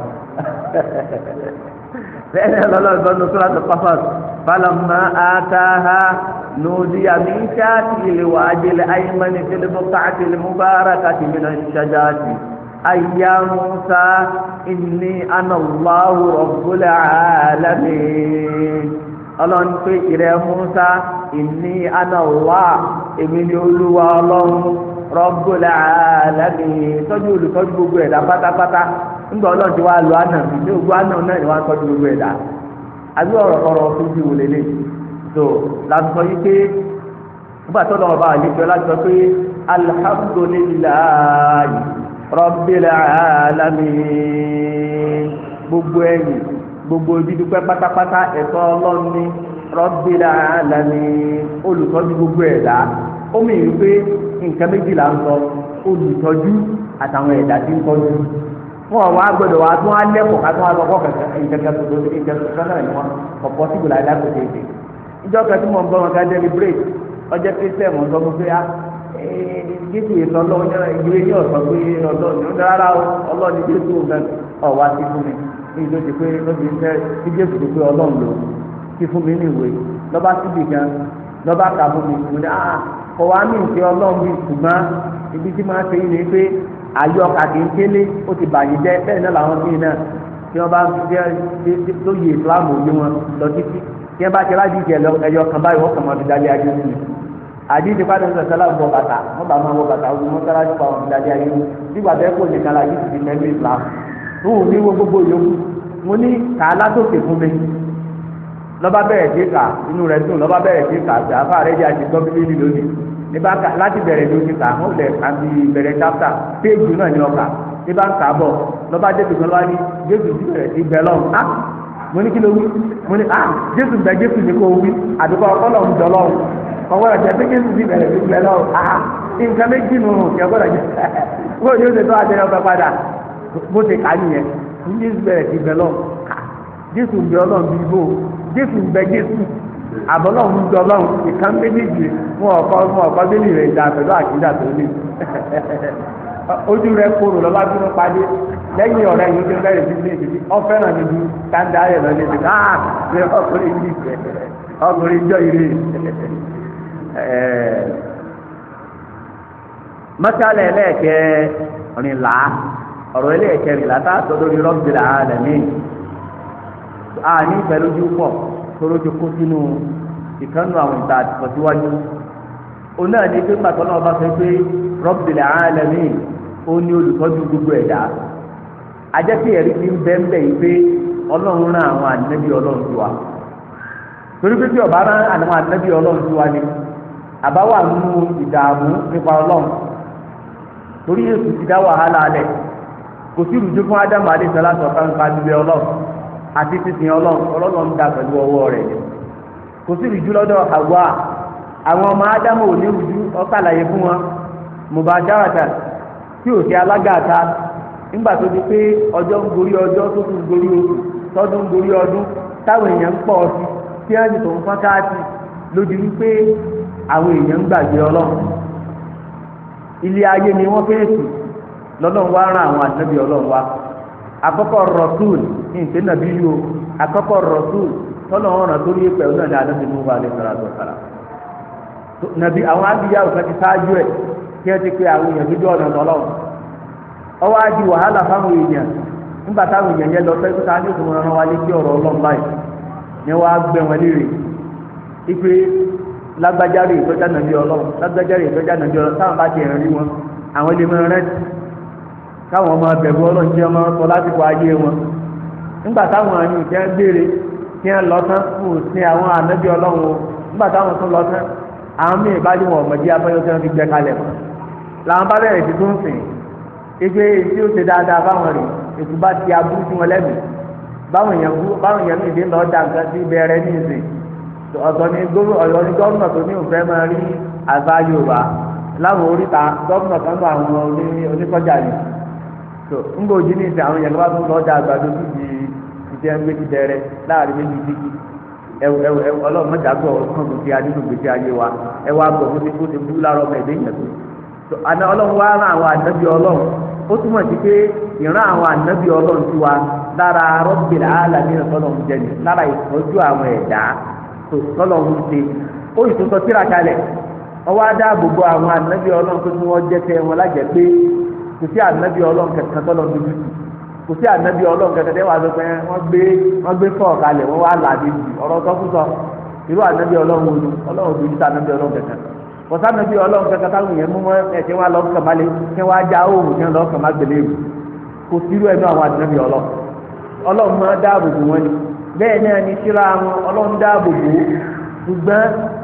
bẹ́ẹ̀ ni ọlọ́run sọ ní sọ́lá tó pàfà falamma ataha nudiya min shati lwaji laymani fil buq'ati lmubarakati min ash-shajarati ayya musa inni ana allahu rabbul alamin pé ìrẹ́ musa inni ana èmi ni olúwa ọlọ́run. Rabbul alamin tọ́jú olùtọ́jú gbogbo ẹ̀dá pátápátá ńgbà ọlọ́run ti wá lọ àná mi ní gbogbo àná náà ni wọ́n á tọ́jú gbogbo ẹ̀dá àbí ọ̀rọ̀ ọ̀rọ̀ fúnjú wò lélẹ̀ tó lásán yìí pé nígbà tó lọ́wọ́ bá àlejò lásán pé alhamdulillahi Rabbil alamin gbogbo ẹ̀yìn gbogbo dídúpẹ́ pátápátá ẹ̀tọ́ ọlọ́run ní Rabbil alamin gbogbo ẹ̀dá. ó mìíràn pé nǹkan méjìlá ń sọ olùtọ́jú àtàwọn ẹ̀dá tí ń tọ́jú fún àwọn agbọ́dọ̀ wa tún á lẹ́kọ̀ọ́ ká tún á lọ́kọ́ kẹ̀kẹ́ ìjẹ́kẹ́ tó ìjẹ́kẹ́ tó náà ni wọ́n ọ̀pọ̀ síbò láyé lákòókò èdè ìjọ kan tí mo ká deliberate ọjọ́ sọ fún pé á ah, eh, jésù yìí sọ pé ó dára o jésù sí fún mi kọ̀wá mi ìṣe ọlọ́run bíi ṣùgbọ́n ibi tí máa ṣe yìí ni pé ayọ̀ kàkí ń kélé ó ti bàyìí jẹ́ bẹ́ẹ̀ náà làwọn míì náà tí wọ́n bá jẹ́ lóye ìsìláàmù òye wọn lọ títí tí wọ́n bá jẹ́ láti jẹ́ ẹyọ kan báyìí wọ́n kàn máa fi dalé ayé sí i àdìsí pàdé sọ̀tẹ́lá wọ bàtà wọ́n bá máa wọ bàtà wọ́n mọ́sálásí pa wọn fi dalé ayé wọn nígbà bẹ́ẹ̀ lọ́ba bẹ̀rẹ̀ sí kà inú rẹ̀ dùn lọ́ba bẹ̀rẹ̀ sí kà sí àfa rẹ̀ yà ti gbọ́ bíbélì lónìí nípa láti bẹ̀rẹ̀ ló ti kà ó lẹ̀ àbí bẹ̀rẹ̀ tápítà péèjì náà ni ọkà nípa ń kà á bọ̀ lọ́ba jésù kan lọ́wọ́ ní jésù ti bẹ̀rẹ̀ sí bẹ̀ lọ́wọ́ á ah! mo ní kí ló wí mo ní á ah! jésù bẹ̀ jésù ní kó wí àdúgbò ọkọ́lọ̀ ń dọ̀lọ́ ọwọ́ ọ̀jẹ̀ pé jésù ti bẹ̀rẹ̀ sí bẹ̀ lọ́wọ́ á ah! nǹkan méjì nù ọgbọ́dọ̀ jẹ́ bó ni ó ṣe tó àjẹrẹ ọgbà padà bó ṣe kà á nìyẹn jésù bẹ̀rẹ̀ sí bẹ̀ lọ́wọ́ jésù bẹ̀ ọlọ́run bíi bó jésù ń bẹ jésù àbọ̀lọ́hún jọ lọ́hún ìkan méjèèjì wọn ọ̀kọ́ wọn ọ̀kọ́ délé rẹ̀ dà pẹ̀lú àkídà tó ní ojú rẹ kóró lọ́la bí padì lẹ́yìn ọ̀rẹ́ yìí bẹ̀rẹ̀ sí ìdílé ọ̀fẹ́ràn káńdà ayẹ̀ ọkùnrin yìí ọkùnrin jọ ẹlẹ́ẹ̀kẹ́ rìnlá ọ̀rọ̀ ẹlẹ́ẹ̀kẹ́ rìnlá tá a sọ lórí rọ́bìlà àní pẹ̀lójú pọ̀ torójú kó sínú ìkànnù àwọn ìta àtìpọ̀síwájú òun náà ní pé pàtó náà bá fẹ́ pé Rabbil alamin ó ní olùtọ́jú gbogbo ẹ̀dá ajẹ́pẹ́ ẹ̀rí ti ń bẹ́ẹ̀ pé ọlọ́run rán àwọn ọlọ́run torí pé ọba ni nínú ìdààmú nípa ọlọ́run torí èsù ti dá wàhálà alẹ̀ kò sí ìrújú fún ádámù àti sísìn ọlọ́run ọlọ́run ń da pẹ̀lú ọwọ́ rẹ̀ ni kò sí ìrújú lọ́dọ̀ àwa àwọn ọmọ ádámù ò ní ìrújú ọ̀sàlàyé fún wọn mùbá dáradà tí ò sí alágàta nígbà tó di pé ọjọ́ ń gorí ọjọ́ tó tún gorí oṣù ń gorí ọdún táwọn èèyàn ń pọ̀ sí tí wọ́n ti tó ń fọ́n káàtì lójú wípé àwọn èèyàn ń gbàgbé ọlọ́run ilé ayé ni wọ́n akọ́kọ́ rọ̀túl nǹkan nàbí na o akọ́kọ́ rọ̀túl tọ́nà ọ̀ràn tó ní ìpẹ́ ọ̀nà ìdáná ti mú wa lè sọ̀rọ̀ àtọ̀sára nàbí àwọn abiyá òkè ti sáájú ẹ̀ kí ẹ ti pé àwọn èèyàn lójú ọ̀nà ọlọ́run ọwọ́ wàhálà fáwọn èèyàn nígbà táwọn èèyàn yẹn lọ sáájú ọ̀rọ̀ báyìí ni gbẹ wọn léèrè ipe káwọn ọmọ bẹ̀rù ọlọ́run jẹ́ ọmọ sọ lásìkò ayé wọn nígbà táwọn àyè òkè ń béèrè kí wọ́n lọ tán kù sí àwọn ànábì ọlọ́run o nígbà táwọn tún lọ tán àwọn míì bá dé wọn ọ̀mọ̀dé abẹ́yọ́ tí wọ́n fi gbẹ kalẹ̀ mọ́ làwọn bá bẹ̀rẹ̀ sí tó ń sìn ìgbé tí ó ṣe dáadáa báwọn rè ètò bá ti aburú sí wọn lẹ́mìí báwọn èèyàn kú báwọn lọ da nǹkan sí bẹ̀rẹ̀ ní ìsìn ni gómìnà tó ní òfẹ́ máa rí àgbá Yorùbá láwọn oríta gómìnà kan lọ tó ńgbà òjì ní ìsìn àwọn yàgbọ́n tó àgbàdo tó di ìdíyẹ ń gbé ti dẹrẹ láàrin méjì dígí ẹwù ẹwù ẹwù ọlọ́run mẹ́ta gbọ́ ọ̀kan gbèsè adínú gbèsè ayé wa ẹwà gbọ̀ bó ti kó ti bú wa lára lára ìtọ́jú àwọn ẹ̀dá kò sí ànábì ọlọ́run kankan tọ́lọ́ dojú tì kò sí ànábì ọlọ́run kankan tẹ́ wà sọ pé wọ́n gbé wọ́n gbé fọ́ kalẹ̀ wọ́n wá là dé jì ọ̀rọ̀ tó kúsọ irú ànábì ọlọ́run wo ni ọlọ́run dojú tì ànábì ọlọ́run kankan kòsá ànábì ọlọ́run kankan táwọn èèyàn mú ẹ tí wọ́n lọ kàn má já òòrùn tí wọ́n lọ ìlú kò sí irú ẹnu àwọn ni bẹ́ẹ̀ náà ni síra wọn ọlọ́run dáàbò bò ó ṣùgbọ́n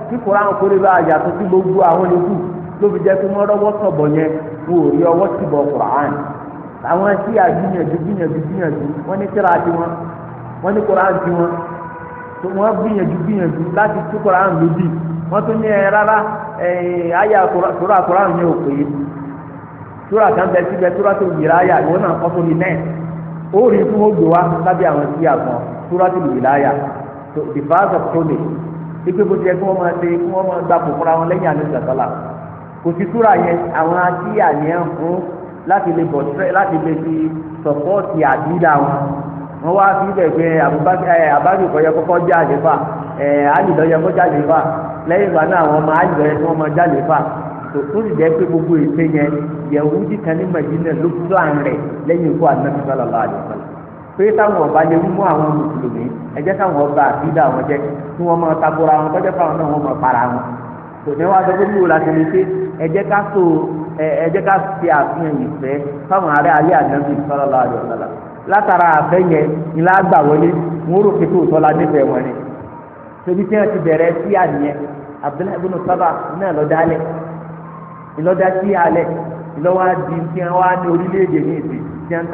kíkọ́ àwọn kórè bá àyàtọ̀ sí jẹ́ kí wọ́n sọ̀bọ̀ yẹn wò rí ọwọ́ sì bọ̀ Qur'an àwọn tí a gbìyànjú gbìyànjú wọ́n ní kíra ti wọn wọ́n ní ti wọn tó wọ́n gbìyànjú gbìyànjú láti tú Qur'an lódì wọ́n tún ní ẹ rárá àyà tóra Qur'an ní kan bẹ síbẹ̀ tóra tó yìrá àyà ìwọ náà kọ́ sórí náà ó rí fún ó wa lábẹ́ àwọn a gbọ́n tó yìrá the of ipe bó ti yẹ kí wọ́n máa ṣe kí wọ́n máa gbapò lẹ́yìn kò sí súra yẹn àwọn atíyà ni ẹ ń fún láti lè bọ̀ sẹ́ láti lè fi sọ̀pọ́ọ̀tì àdídà wọn wọ́n wá sí ìbẹ̀gbẹ́ àbájú kọ̀yẹ kọ́kọ́ jáde fà ẹ̀ alìlọ́yẹ kọ́ jáde fà eh, lẹ́yìn ìgbà náà àwọn ọmọ jáde fà lè jẹ́ pé gbogbo ète yẹn ní ló rẹ̀ lẹ́yìn ikú pé táwọn ọba kò ní wá sọ bí wo la lè ṣe ẹ ká so ẹ ká àfihàn fáwọn ará látara àfẹ́ yẹn ni lágbà wọlé wọn rò pé tòótọ́ la nífẹ̀ẹ́ wọn ni tóbi tí wọn ti bẹ̀rẹ̀ sí àníyẹn náà ìlọ́dá sí ìlọ́wọ́ adi tí wọn wá ní orílẹ̀-èdè ní ìsìn tí wọn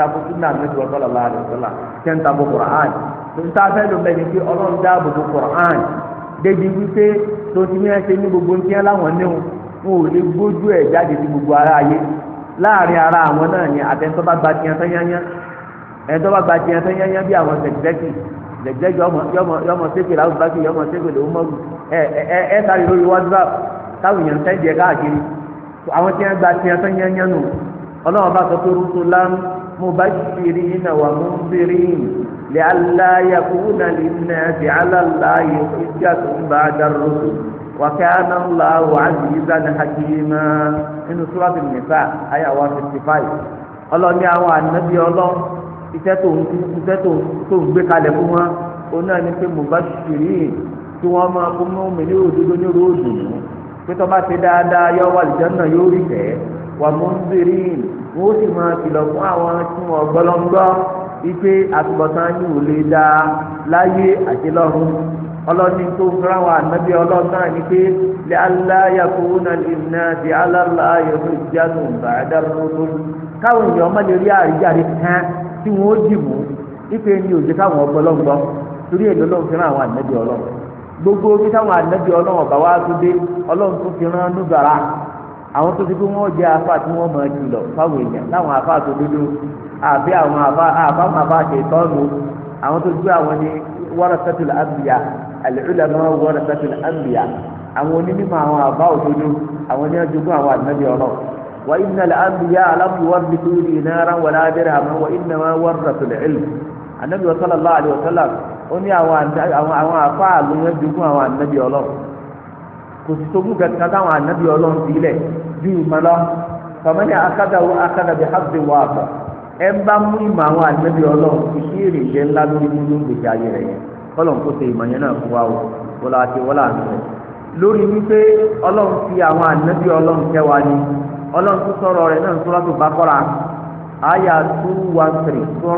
ta débi wípé tó ti ní ẹsẹ ní gbogbo ní kíá láwọn ní wọn wọn ò lè gbójú ẹ jáde sí gbogbo ara ayé láàrin ara àwọn náà ni àtẹnudọ́ bá gba tiẹ̀ tán yányá ẹ̀ńtọ́ bá gba tiẹ̀ tán yányá bí àwọn sẹ̀kìtẹ́kì sẹ̀kìtẹ́kì yọmọ sẹ́kì làwọn bá kì yọmọ sẹ́kì lòún mọ́gù ẹ ẹ ẹ sáré lórí WhatsApp táwọn èèyàn tẹ́ jẹ káàkiri àwọn tiẹ̀ gba tiẹ̀ tán yányá nù ọlọ́run bá sọ pé rúṣu lánàá mo bá ṣ لئلا يكون للناس على الله حجة بعد الرسل وكان الله عزيزا حكيما إن سورة النساء آية 155 الله ní àwọn ànábì Ọlọ́run iṣẹ́ tó ń iṣẹ́ tó tó ń gbé kalẹ̀ fún wọn òun náà ni pé mubashirin tí wọ́n máa kó mọ́ mi ní òdodo ní ròdù mú pé tó bá ti dáadáa yọ wà lìjọ́nà yóò rí tẹ́ wà munzirin wọ́n sì máa kìlọ̀ fún àwọn tí wọ́n gbọ́lọ́ngbọ́ Ipe àtúbọ̀tán yìí ò lè dá láyé àti lọ́run ọlọ́ni tó fúnra wa nàbí ọlọ́run náà ni pé lẹ́ aláyàkúnà ìnà ti aláàláyà tó jáde bàdà lọ́dún káwọn èèyàn má lè rí àríjáde kan tí wọ́n dìbò wípé ni òjò káwọn ọgbọ́lọ́gbọ́ torí èlò ló ń fúnra wa nàbí ọlọ́run gbogbo bí táwọn ànábì ọlọ́run ọ̀bà wa tó dé ọlọ́run tó fi rán nùbàrà àwọn tó ti pé wọ́n jẹ́ afa tí wọ́n máa jù lọ fáwọn èèyàn láwọn afa tó dúdú àbí àwọn afa àbáwọn afa àti ìtọ́nu àwọn tó ti pé àwọn ní warasatul anbiya al-ulama warasatul anbiya àwọn onímọ̀ àwọn afa òdodo àwọn ní ajogún àwọn ànábì ọ̀rọ̀ wa innal anbiya lam yuwarrithu dinaran wala dirhaman wa innama warathul ilm ànábì sallallahu alaihi wasallam ó ní àwọn afa kò sì tóbi kankan táwọn ànábì ọlọ́run fi lẹ̀ ju ìmọ̀ lọ tọ́mọ́ni akádàwó akádàbí hábì wà àbọ̀ ẹ ń bá mú ìmọ̀ àwọn ànábì ọlọ́run fi sí èrè jẹ́ ńlá lórí nínú gbèsè ayé rẹ̀ yẹn kọ́lọ̀ kó ṣe ìmọ̀ yẹn náà fún wa o wọ́n láti wọ́n láàánú rẹ̀ lórí wípé ọlọ́run fi àwọn ànábì ọlọ́run kẹwàá ni ọlọ́run tó sọ̀rọ̀ rẹ̀ náà sọ́lọ́tò bá kọ́ra àyà two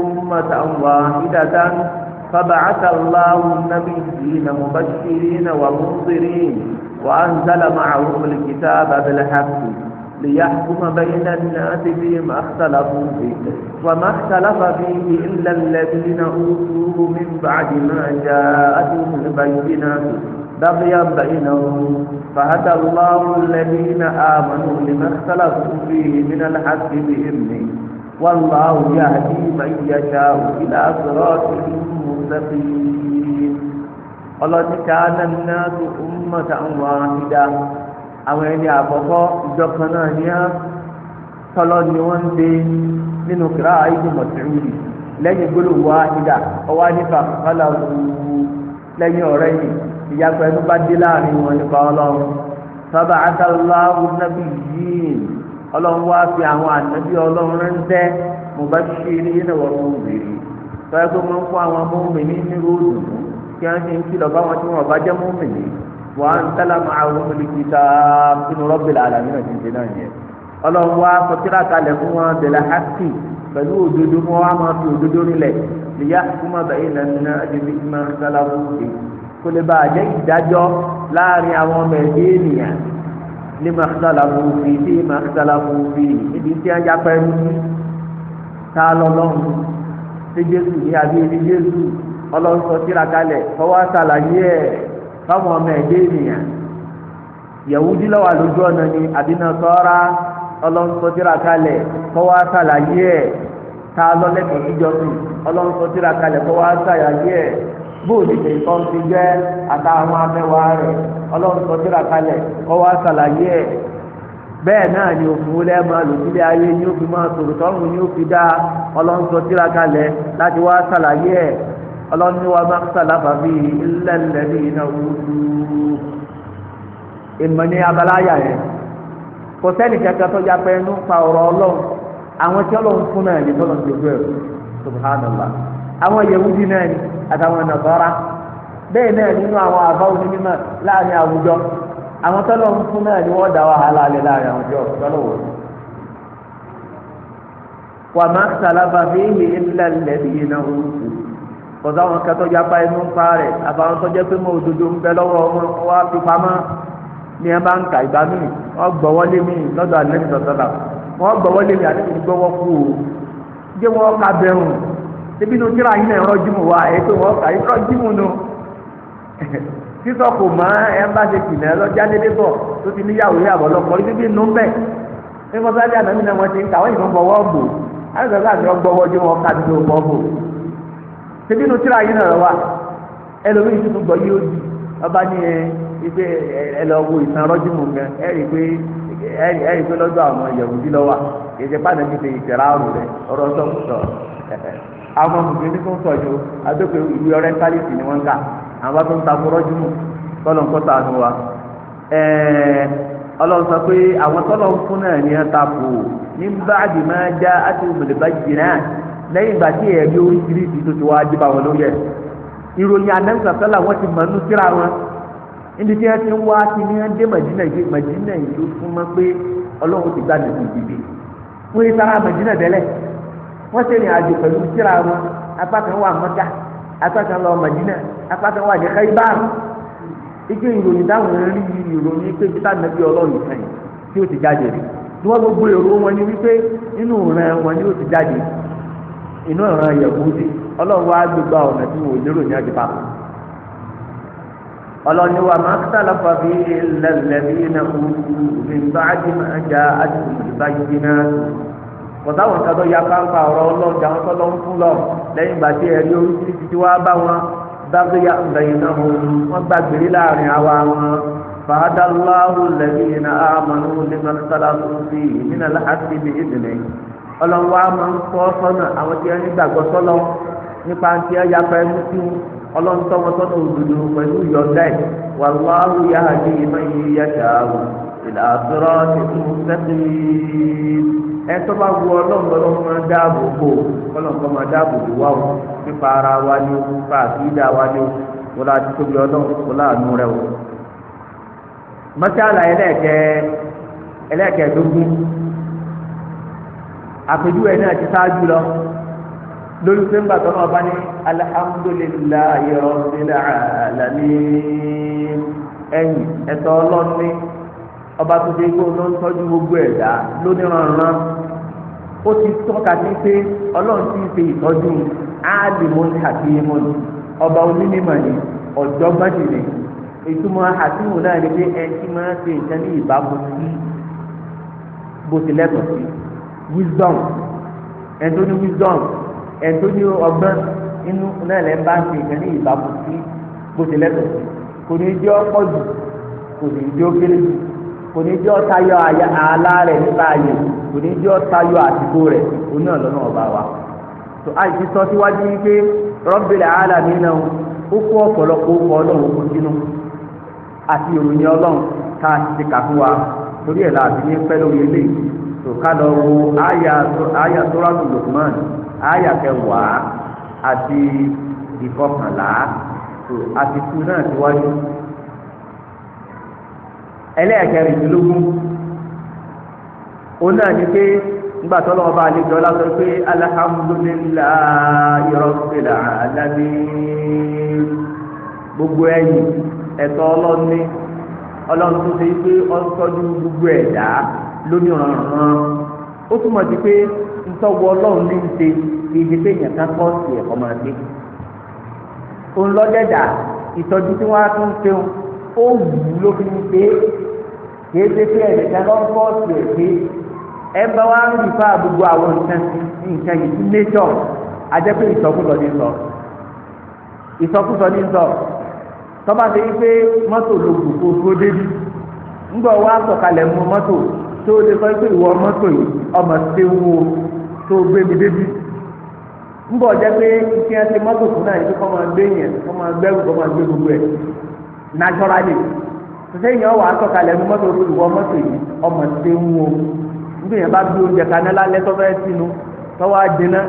one فبعث الله النبيين مبشرين ومنذرين وأنزل معهم الكتاب بالحق ليحكم بين الناس فيما اختلفوا فيه وما اختلف فيه إلا الذين أوتوه من بعد ما جاءتهم البينات بغيا بينهم فهدى الله الذين آمنوا لما اختلفوا فيه من الحق بإذنه والله يهدي من يشاء إلى صراط مستقيم ọlọ́run ní káánà náà tó ọmọ táwọn àhídá àwọn ẹni àkọ́kọ́ ìjọ kan náà ní á tọ́lọ́ ni wọ́n ń gbé nínú kíra àìsàn mọ̀tìrìlì lẹ́yìn gbólóhùn àhídá ọwọ́ nípa kọ́lá wúwú lẹ́yìn ọ̀rẹ́ yìí ìyàpẹ́ tó bá dé láàrin wọn nípa ọlọ́run sábà àtàlá wọn nábì yìí ọlọ́run wá fi àwọn ànábì ọlọ́run ránṣẹ́ mubashirina wa munzirin báyọ̀ pé wọ́n ń fún àwọn mọ́mìnì ní ròdù kí wọ́n ti ń kìlọ̀ báwọn tí wọ́n bá jẹ́ mọ́mìnì wa anzala ma'ahum al-kitab inú rabbil alamin náà ti ń ṣe náà yẹn ọlọ́run wá sọtíra kalẹ̀ fún wọn bẹ̀rẹ̀ hàkì pẹ̀lú òdodo wọn wá máa fi òdodo nílẹ̀ lìyá kúmọ̀ bẹ̀yìn ní màkítàlàfù fi sí màkítàlàfù fi ibi tí a jápẹ́ ń bí tá a lọ lọ́run sí jésù ní àbí ibi jésù ọlọ́run sọ síra kalẹ̀ fọwọ́ àtàlàyé ẹ̀ fáwọn ọmọ ẹ̀dẹ́ ènìyàn yẹ̀wúdí lọ́wọ́ àlójú ọ̀nà ni àbí Nasara ọlọ́run sọ síra kalẹ̀ fọwọ́ àtàlàyé ẹ̀ tá a lọ lẹ́kọ̀ọ́ síjọ́sìn ọlọ́run sọ síra kalẹ̀ fọwọ́ bóòlù ìṣèǹtọ́ ti jẹ àtàwọn amẹ́wàá rẹ̀ ọlọ́run tó tíra kalẹ̀ kọ́ wá ṣàlàyé ẹ̀ bẹ́ẹ̀ náà ni òfin lẹ́ máa lò sílé ayé ni fi máa sọ̀rọ̀ tọ́run ni ó fi dá ọlọ́run tó tíra kalẹ̀ láti wá ṣàlàyé ni wà máa bí iná wúlú abaláyà kò àwọn yahudi náà ni àtàwọn nàbọ́ra bẹ́ẹ̀ náà nínú àwọn àbá onímọ̀ láàrin àwùjọ àwọn tọ́lọ̀ ń fún náà ni wọ́n dá wàhálà alẹ́ láàrin àwùjọ tọ́lọ̀ wò ni. wà má sàlábà fíìmì ńlá lẹ́bi iná oṣù kọ̀dọ̀ àwọn kẹtọ́ yapa inú ń pa rẹ̀ àbáwọn tọ́jẹ́ pé mo òdodo ń bẹ lọ́wọ́ wọn wá fi pamọ́ ní ẹ bá ń kà ìgbà míì wọ́n gbọ́wọ́lé mi lọ́dọ̀ àlẹ́ débi nu kíra yín náà ẹ̀rọ jimu wa ètò wọn kà ẹ̀rọ jímù nu sísọ mọ ẹnbàṣẹ kìnà lọjà lédè bọ tó ti níyàwó yà bọ ibi bí nù bẹ ní mọ́sálásí ànámi náà wọ́n ti ń kà wọ́n bò àyẹ̀sọ̀ sáà ní wọn wa ẹlòmíì tuntun yóò di ọba ní ẹ ẹ gan ẹ rí pé ẹ rí ṣe ti àwọn mùsùlùmí tó ń sọ̀jọ́ adókè ìlú ọ̀rẹ́ pálíìsì ni wọ́n ń kà àwọn tó ń ta kúrọ́jú mù tọ́lọ̀ ń kọ́ta àánú wa ọlọ́run sọ pé àwọn tọ́lọ̀ ń fún náà ní ẹ̀ ta kù ní báàdì máa já àti òmìnira jìnnà lẹ́yìn ìgbà tí ẹ̀rí oríṣiríṣi tó ti wá dé bá wọn lórí ẹ̀ ìròyìn anẹ́sà sọ́là wọ́n ti mọ̀nú síra wọn níbi tí wọ́n ti ń wá sí ní ẹ̀dé mẹ̀dínà yìí mẹ̀dínà yìí ló fún wọ́n ṣe ní àjò pẹ̀lú síra wọn apá kan wà Mẹ́kà apá kan lọ Mẹdínà apá kan wà ní ike ìròyìn táwọn rí ìròyìn pé títà nàbí ọlọ́run kan tí ó ti jáde rí ni wọ́n gbogbo èrò wọn ni wípé inú ìran wọn ni ó ti jáde inú ìran Yẹhudi ọlọ́run wá gbogbo wò lérò ní ọlọ́ni wa máa náà kú a pọ̀táwọn kan tó ya pàǹpà ọ̀rọ̀ ọlọ́ọ̀dà wọn tọ́lọ́ ń fún lọ lẹ́yìn ìgbà tí ẹ̀rí oríṣiríṣi ti wá bá wọn ya ǹdẹ̀yìn náà wọn wọn gbàgbére láàrin àwa wọn fàádàláhù lẹ́yìn náà àmàlù lẹ́gbẹ̀rún sálà tó ń fi ìmínà láti ibi ìdìlẹ̀ máa ń kọ́ sọ́nà àwọn tí gbàgbọ́ sọ́lọ́ nípa ìlà àtúrọ ti fún sẹ́tì ẹ tó bá wu ọlọ́mọlọ́ máa dáàbò bò ọlọ́mọlọ́ máa dáàbò bò wá o pípa ara wa ni o pípa àkídà wa ni o wọlé àtúntòbi ọlọ́run wọlé àánú rẹ o. mọ́sálà ẹlẹ́ẹ̀kẹ́ ẹlẹ́ẹ̀kẹ́dógún àpèjúwe náà ti sáájú lọ lórí sẹ́ńgbà tó náà bá ní alhamdulillahi rabbil alamin ẹ̀yìn ẹ̀tọ́ ọlọ́run ọba tó dé kó ló ń tọ́jú gbogbo ẹ̀dá lóníranran ó ti tọ́ka sí pé ọlọ́run ti ṣe ìtọ́jú áàlìmọ́ àti ìmọ̀ ni ọba onímọ̀ ni ọ̀jọ̀gbọ́n sì ni ìtumọ̀ àtìmọ̀ náà ni pé ẹni tí máa ń ṣe nǹkan ní ìbámu sí bó ti lẹ́tọ̀ọ́ sí wisdom ẹni tó ní wisdom ẹni tó ní ọgbọ́n inú náà lẹ́ bá ń ṣe nǹkan ní ìbámu sí bó ti lẹ́tọ̀ọ́ sí kò ní jẹ́ ọ̀pọ̀ jù kò ní jẹ́ ó kéré jù kò ní jọ́ tayọ àlá rẹ̀ nípa ààyè kò ní jọ́ tayọ àtìkó rẹ̀ oní ọ̀lọ́nà ọba wa. tó a ti sọ síwájú wípé Rabbil alamin náà ó kó ọ̀pọ̀lọpọ̀ ọkọ̀ ọlọ́run kó sínú àti ìròyìn ọlọ́run ká ti kà fún wa torí ẹ̀ láti ní pẹ́ lórí ilé tó ká lọ wo àyà sóràtù Luqman àyà kẹwàá àti ìkọkànlá tó àtìkú náà ti wáyé ẹlẹ́ẹ̀kẹrìndínlógún òun náà ni pé nígbà tó lọ́wọ́ bá a lè jọ lásán pé alhamdulillahi rabbil alamin gbogbo ẹ̀yìn ẹ̀tọ́ ọlọ́ni ọlọ́run tó ṣe pé ọ̀sọ́jú gbogbo ẹ̀dá lónìí rànran ó túmọ̀ sí pé ntọ́wọ́ ọlọ́run ní ń ṣe ibi pé èèyàn kan kọ́ sí ẹ̀kọ́ máa gbé òun lọ́dẹ̀dà ìtọ́jú tí wọ́n á tún ṣeun ó wù ú ló fi ń ṣe kìí ṣe pé ẹnìkan lọ ebe, sí èké ẹ bá wá ń rí fáà gbogbo àwọn nǹkan nǹkan yìí sí nature ìsọkúsọ ní sọ ìsọkúsọ ní sọ tọ́ba ṣe yí pé mọ́tò ló gùn kó tó débi ńgbọ́ wá sọ̀kalẹ̀ mú mọ́tò tó lè sọ pé ìwọ mọ́tò yìí ọmọ wo tó gbé mi débi ńgbọ́ jẹ́ pé kí ẹ mọ́tò fún náà yìí máa gbé yẹn máa sẹ́yìn ọwọ́ atọ́kalẹ̀ ní mọ́tò olùwọ́ mọ́tò yìí ọmọ ṣe ń wo nígbà yẹn bá gbé oúnjẹ kaná lálẹ́ tó fẹ́ sínú tọ́wọ́ adena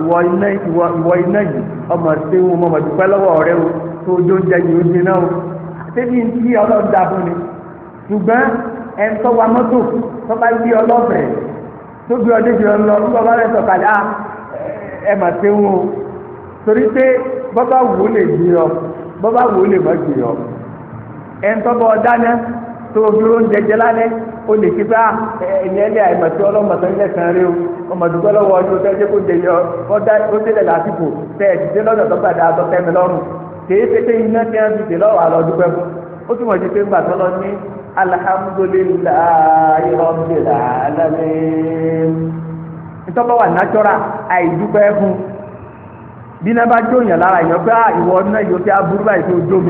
ìwọ iná ìwọ iná yìí ọmọ ṣe ń wo mọ́mọ́ dúpẹ́ lọ́wọ́ rẹ o tó ojú oúnjẹ yìí ó dena o àtẹ́bí ń tí ọlọ́run dà fún mi ṣùgbọ́n ẹ̀ ń tọ́wọ́ mọ́tò tó bá gbé ọlọ́fẹ̀ẹ́ tó gbé ọdẹ jù lọ nígbà bá rẹ sọ̀kalẹ̀ à ah, ẹ̀ mà ṣe ń wo torí pé bọ́bá wò lè gbé ọ bọ́bá wò lè má gbé ọ ẹ̀ńtọ́bọ̀ ọ̀dáná tó fi oúnjẹ jẹ lálẹ́ o lè kí bá ah, àìmọ̀tí ọlọ́mọ̀tí rí o ọmọdúgbọ́ lọ́wọ́ ọdún tó ẹjẹ́ kó jẹ ọdá ó délẹ̀ lásìkò tẹ ẹ̀dídé lọ́dọ̀ tó gbàdá tó tẹ́mi lọ́rùn kèé pété iná tí wọ́n fi àlọ́ ó túmọ̀ sí pé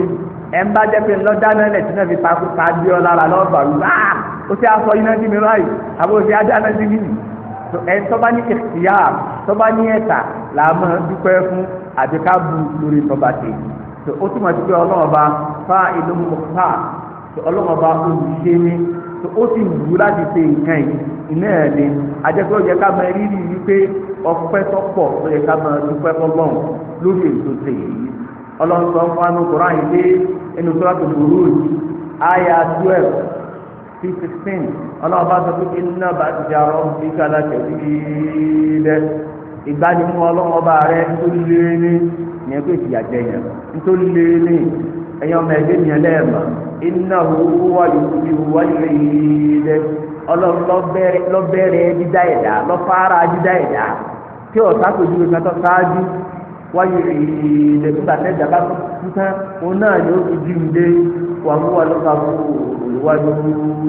ní ẹ̀ ń bá jẹ́ pé lọ́jà náà lẹ̀ tí náà fi pa bí ọ lára lọ́ọ̀bà wí wá o ti aṣọ iná sí mi ráì àbò o ti ajá náà sí mi ẹ̀ tó bá ní kìkìyà tó bá ní ẹ̀ta là á máa dúpẹ́ fún àti ká bu lórí tọ́ba tè tó o túmọ̀ sí pé ọlọ́ọ̀ba fa ìlú mọ̀ká tó ọlọ́ọ̀ba olùṣe ni tó o sì wù láti ṣe nǹkan yìí iná ẹ̀ ni ajẹ́pẹ́ ó yẹ ká máa rí rí i pé ọpẹ́ tọ́pọ̀ ó yẹ ká máa dúpẹ́ fọ́gbọ́n lórí ọlọ́sọ̀ fanu koran yìí dé inú sọ́ọ́tù burúj àyà twelve sí sixteen ọlọ́run sọ pé iná bá ti di arọ́ bí kálá kẹ̀sí bẹ́ ìgbanimu rẹ nítorí ní yẹn nítorí ọmọ yẹn lẹ́ẹ̀mọ́ iná owó wáyé wáyé dídá ẹ̀dá lọ́fàárà dídá ẹ̀dá wáyé yiri tẹ́jà bá kú tán òun náà yóò fi jí ìdè wà mú wa lọ́ka fún olùwájú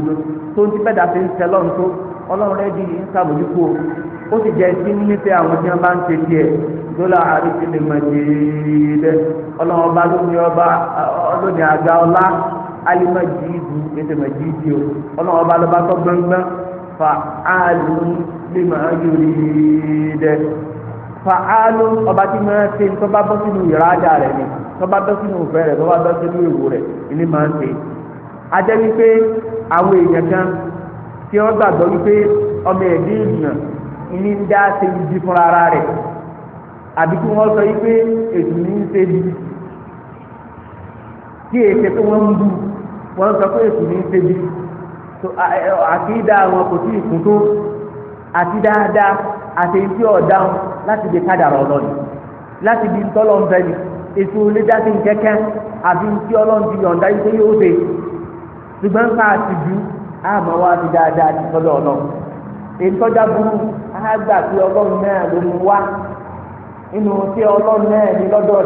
lódò tó ń ti pẹ́ dàtí ń tẹ lọ́run tó ọlọ́run rẹ̀ di ń ó sì jẹ́ nífẹ̀ẹ́ àwọn tí wọ́n bá ń ṣe lè ọba lónìí ọba àga ọlá mọ̀ o ọlọ́run ọba lọ́ba tó fa áàlù lè mọ̀ fàálù ọba tí máa ṣe tó bá bọ́ sínú ìrádà rẹ̀ ni tó bá bọ́ sínú ìfẹ́ rẹ̀ tó bá bọ́ sínú ìwò rẹ̀ ni máa ń ṣe. a jẹ́ wípé àwọn èèyàn kan tí wọ́n gbàgbọ́ wípé ọmọ ẹ̀dín ènìyàn ní ń dá ṣe ibi fúnra ara rẹ̀ àbí kí wọ́n sọ wípé ètò ní ń ṣe bíi kí èsè pé wọ́n ń bu wọ́n sọ pé ètò ní ń ṣe bíi àti ìdá wọn kò tí ì kún tó àti dáadáa àti ìdí ọ̀dáhùn láti dị kádàrá ọlọ́run láti ibi tọ́lọ́n bẹ́ẹ̀ ètò onídàásí kẹ́kẹ́ àbí tí ọlọ́run yọ̀ǹda yìí pé yóò dé ṣùgbọ́n ká ti dú àmọ́ wá ti dáadáa ti tọ́lọ́ ọlọ́run èyí burú á wá inú tí náà ní lọ́dọ̀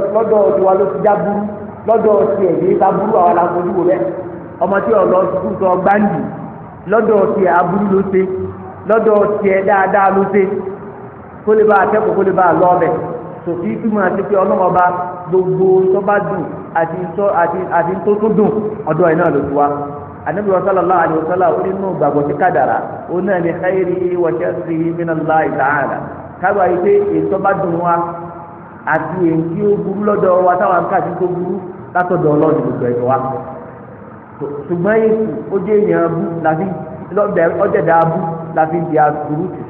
ló ti já burú lọ́dọ̀ bá burú àwọn aláfojú ọmọ tí ọlọ́ sọ kó lè bá akẹ́kọ̀ọ́ kó lè bá lọ ọbẹ̀ sòfin ìgbìmọ̀ àti pé ọlọ́wọ́ bá gbogbo tó bá dùn àti tó àti tó tó dùn ọ̀dọ̀ ẹ̀ náà ló ti wá anabi wa sallallahu alayhi wa sallam ó ní inú gbàgbọ́ ti kádàrà ó náà ní xayiri wa ṣẹ́sì minallahi ta'ala kábà yìí pé èyí tó bá dùn wa àti èyí ó burú lọ́dọ̀ wa táwọn akáàtì tó burú látọ̀dọ̀ ọlọ́ọ̀dì gbogbo ẹ̀ wa ṣùgbọ́n yìí ó jẹ́ èèyàn bú láti ọjọ́ ìdá bú láti di àbúrú tìṣ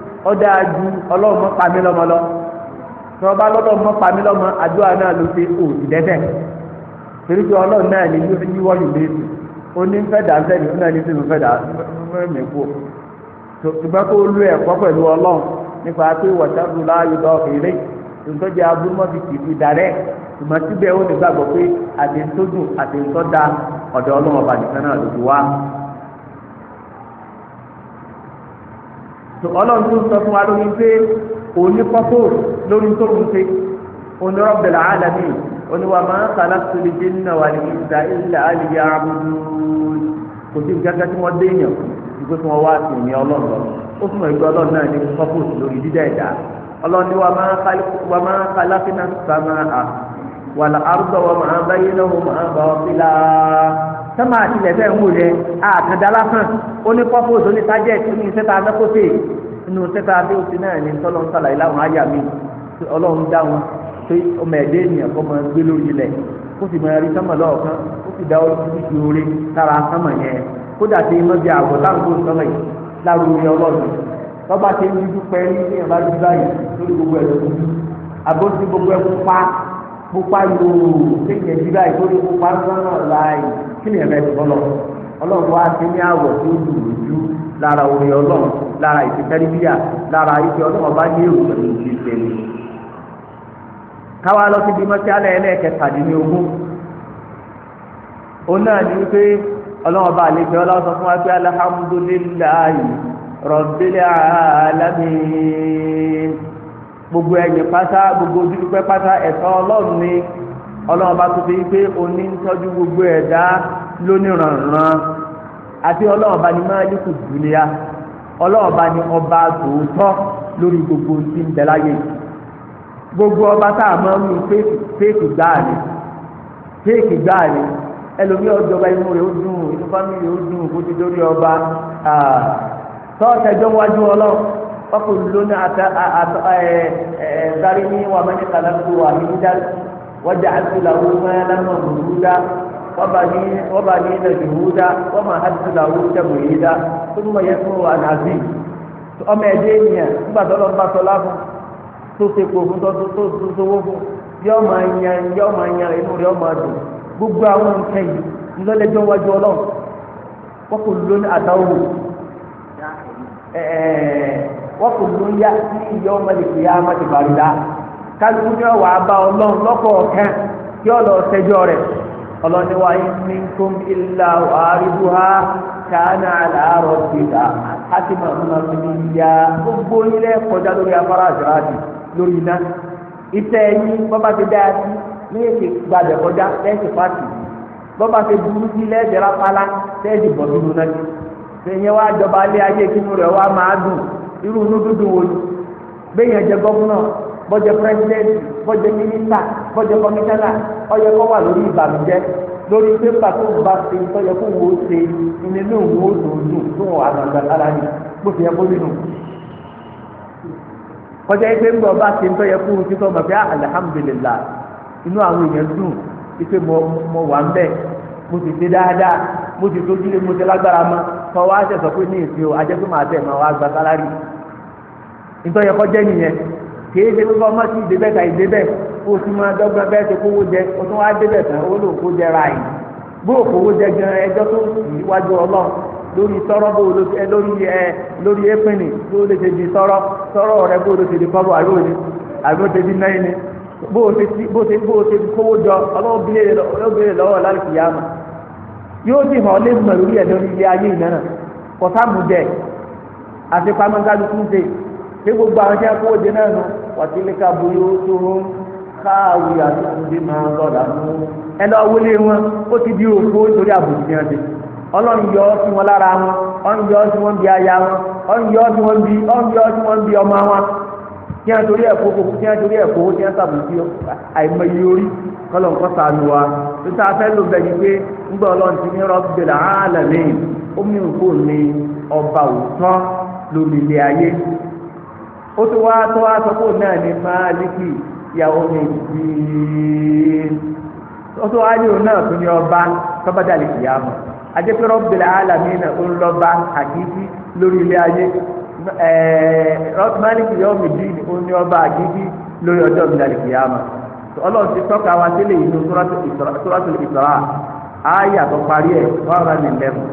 ọdá ju ọlọ́run mọ́ pami lọ́mọ lọ tí wọ́n bá lọ́dọ̀ mọ́ lọ́mọ náà ló ṣe ò sì torí pé ọlọ́run náà ní yóò ní wọ́ọ̀lù léèdì ó ní fẹ́ dà fẹ́ dà kú ṣùgbọ́n kó lu ẹ̀kọ́ pẹ̀lú ọlọ́run nípa pé láàyò lọ ìtọ́jú kì í ìmọ̀ síbẹ̀ ó pé ọlọ́run tó ń sọ fún wa lórí pé òní kọ́kọ́ lórí tó ń ṣe onírọ̀ bẹ̀rẹ̀ àlàmì oníwà máa ń kàlá sórí jẹ́nà wà ní ìta ilẹ̀ àlìyá àbúrú kò sí gẹ́gẹ́ tí wọ́n déèyàn ìgbé tí wọ́n wá sí ní ọlọ́run lọ ó fún ìgbé ọlọ́run náà ní kọ́kọ́ lórí dídá ẹ̀dá ọlọ́run máa ń kàlá sínú sàmà wàlà àrùbọ̀ wà máa báyé náà wọ́n máa bá ọ sọ́mà àti ilẹ̀fẹ́ ń wò rẹ̀ àkàndá lásán ó ní pọ́pọ́sì ó ní tájẹ́ẹ̀tì ó ní sẹ́ta adọ́kọ́sẹ̀ inú sẹ́ta adóòsì náà ní tọ́lọ́ ń sàlàyé láwọn àyà mi ọlọ́run dá wọn pé ọmọ ẹ̀dẹ́ ènìyàn kọ́ máa gbé lórí ilẹ̀ ó sì máa rí sọ́mà lọ́ọ̀kan ó sì dá oríṣiríṣi oore sára sọ́mà yẹn kódà tí mo bí àgọ́ táwọn sọ́mà yìí lárúurú ọlọ́run tọ́ba ti ń pupa yòó kéèyàn bí báyìí tó ní pupa sọ́nà láàyè kí ni ti bọ́lọ̀ ọlọ́run wá sí ní àwọ̀ tó dùn lójú lára ọlọ́run lára lára ife ọlọ́run bá ní èrò pẹ̀lú káwa lọ ẹlẹ́ẹ̀kẹtàdínlógún òun náà ní ọlọ́run bá ọlọ́run sọ fún gbogbo ẹ̀yìn pátá gbogbo ojú pípẹ́ pátá ẹ̀tọ́ ọlọ́run ni ọlọ́run bá tó fi pé oní ń tọ́jú gbogbo ẹ̀dá lóníranran àti ọlọ́run bá ní máàlíkù ọlọ́run bá ní ọba tòótọ́ lórí gbogbo tí ń gbogbo ọba tá a máa ń mú fèèkì gbáà ni fèèkì gbáà ni ẹlòmí ọjọba inú ó dùn inú fámìlì ó dùn ọba ah, wájú ọlọ́run. فكلنا أت... أت... ذرني ومن خلقت وحيدا وجعلت له مالا ممدودا وبنين جهودا ومهدت له تمهيدا ثم يسمع عن عزيز ọmọ ẹdẹ ènìyàn nígbà tó lọ́ọ́ bá sọlá fún tó ṣe kó fún tó tó gbogbo àwọn nǹkan yìí wájú ọlọ́run wọ́n kò lónìí àtàwọn wọ́n kò ló ń yá sí ìyá ọmọ lè fi yá má ti bàrí dá kálukú ní ọwọ́ àbá ọlọ́run lọ́kọ̀ ọ̀kan kí ọlọ́ ṣẹjọ́ rẹ̀ ọlọ́ni wa yín ní kún ilà àríwú ha kàánà àlàárọ̀ gbèdà àti màmá mi ní gbogbo ilé kọjá lórí afárá àjọráàdì lórí iná ìtẹ́ yín bọ́bá ti dá sí lẹ́yìn gbàdẹ̀ kọjá lẹ́yìn pàtì bọ́bá ti burú sí lẹ́yìn rápálá bọ̀dúnú náà ṣèyẹn wá jọba alẹ́ ayé kínú rẹ̀ wá máa dùn. irú inú dúdú wo ni bẹ́ẹ̀ yẹn jẹ gọ́fúnà bọ́jẹ pírẹsidẹ́ntì bọ́jẹ mínísítà bọ́jẹ kọmíṣánná ọyẹ kọ́ wà lórí ìbànújẹ́ lórí pépà tó ń bá ṣe tọ́jọ́ kó wo ṣe ìnínú wo lòdù tó wà àgbàgbà ni bó ti yẹ nínú. kọjá ipe ń gbọ́ bá tọ́jọ́ wo títọ́ alihamudulilá nítorí ẹ̀kọ́ jẹ́ nìyẹn kìí ṣe pé ọmọ sí ìdébẹ̀ ta ìdébẹ̀ kó o sì máa dọ́gba bẹ́ẹ̀ ṣe kówó jẹ o tún wá débẹ̀ tán ó lò kó jẹ ra yìí bó o kówó jẹ gan ẹjọ́ tó ìwájú ọlọ́run lórí bó o lórí ẹ lórí bó o lè ṣe di rẹ bó o ṣe di òní ṣe di náírà ni bó o ṣe bó pé gbogbo àwọn tí a o jẹ náà nù wàtílíkà buyó tó ń káàwé àtúndé máa ń lọ́dà mú ẹ lọ wọlé wọn ó ti di òfò nítorí àbùkù ní ọdẹ ọlọ́run yọ ọ́ sí wọn lára wọn ọ̀run yọ ọ́ sí wọn bí aya wọn ọ̀run yọ ọ́ sí wọn bí yọ ọ́ sí wọn bí ọmọ wọn kí wọn torí ẹ̀kọ́ kókó kí wọn torí ẹ̀kọ́ kí wọn sàbùkù àìmọye orí ń kọ́ sànù wa títà fẹ́ ló pé ńgbà ọlọ́run ti ó tún wá tó wá sọ fóun náà ní máàlìkì ìyàwó mi yìí ó tún wá ní òun náà tún ní ọba tọ́ba dàlí kìyàmù adékòrò bìlà alàmì náà ó ń lọ́ba àkìtì lórí ilé ayé máàlìkì ìyàwó mi yìí ó ní ọba àkìtì lórí ọjọ́ mi dàlí ọlọ́run ti tọ́ka wa sílẹ̀ yìí ní suratul Isra àáyà tó parí ẹ̀ wọ́n rà ní lẹ́mù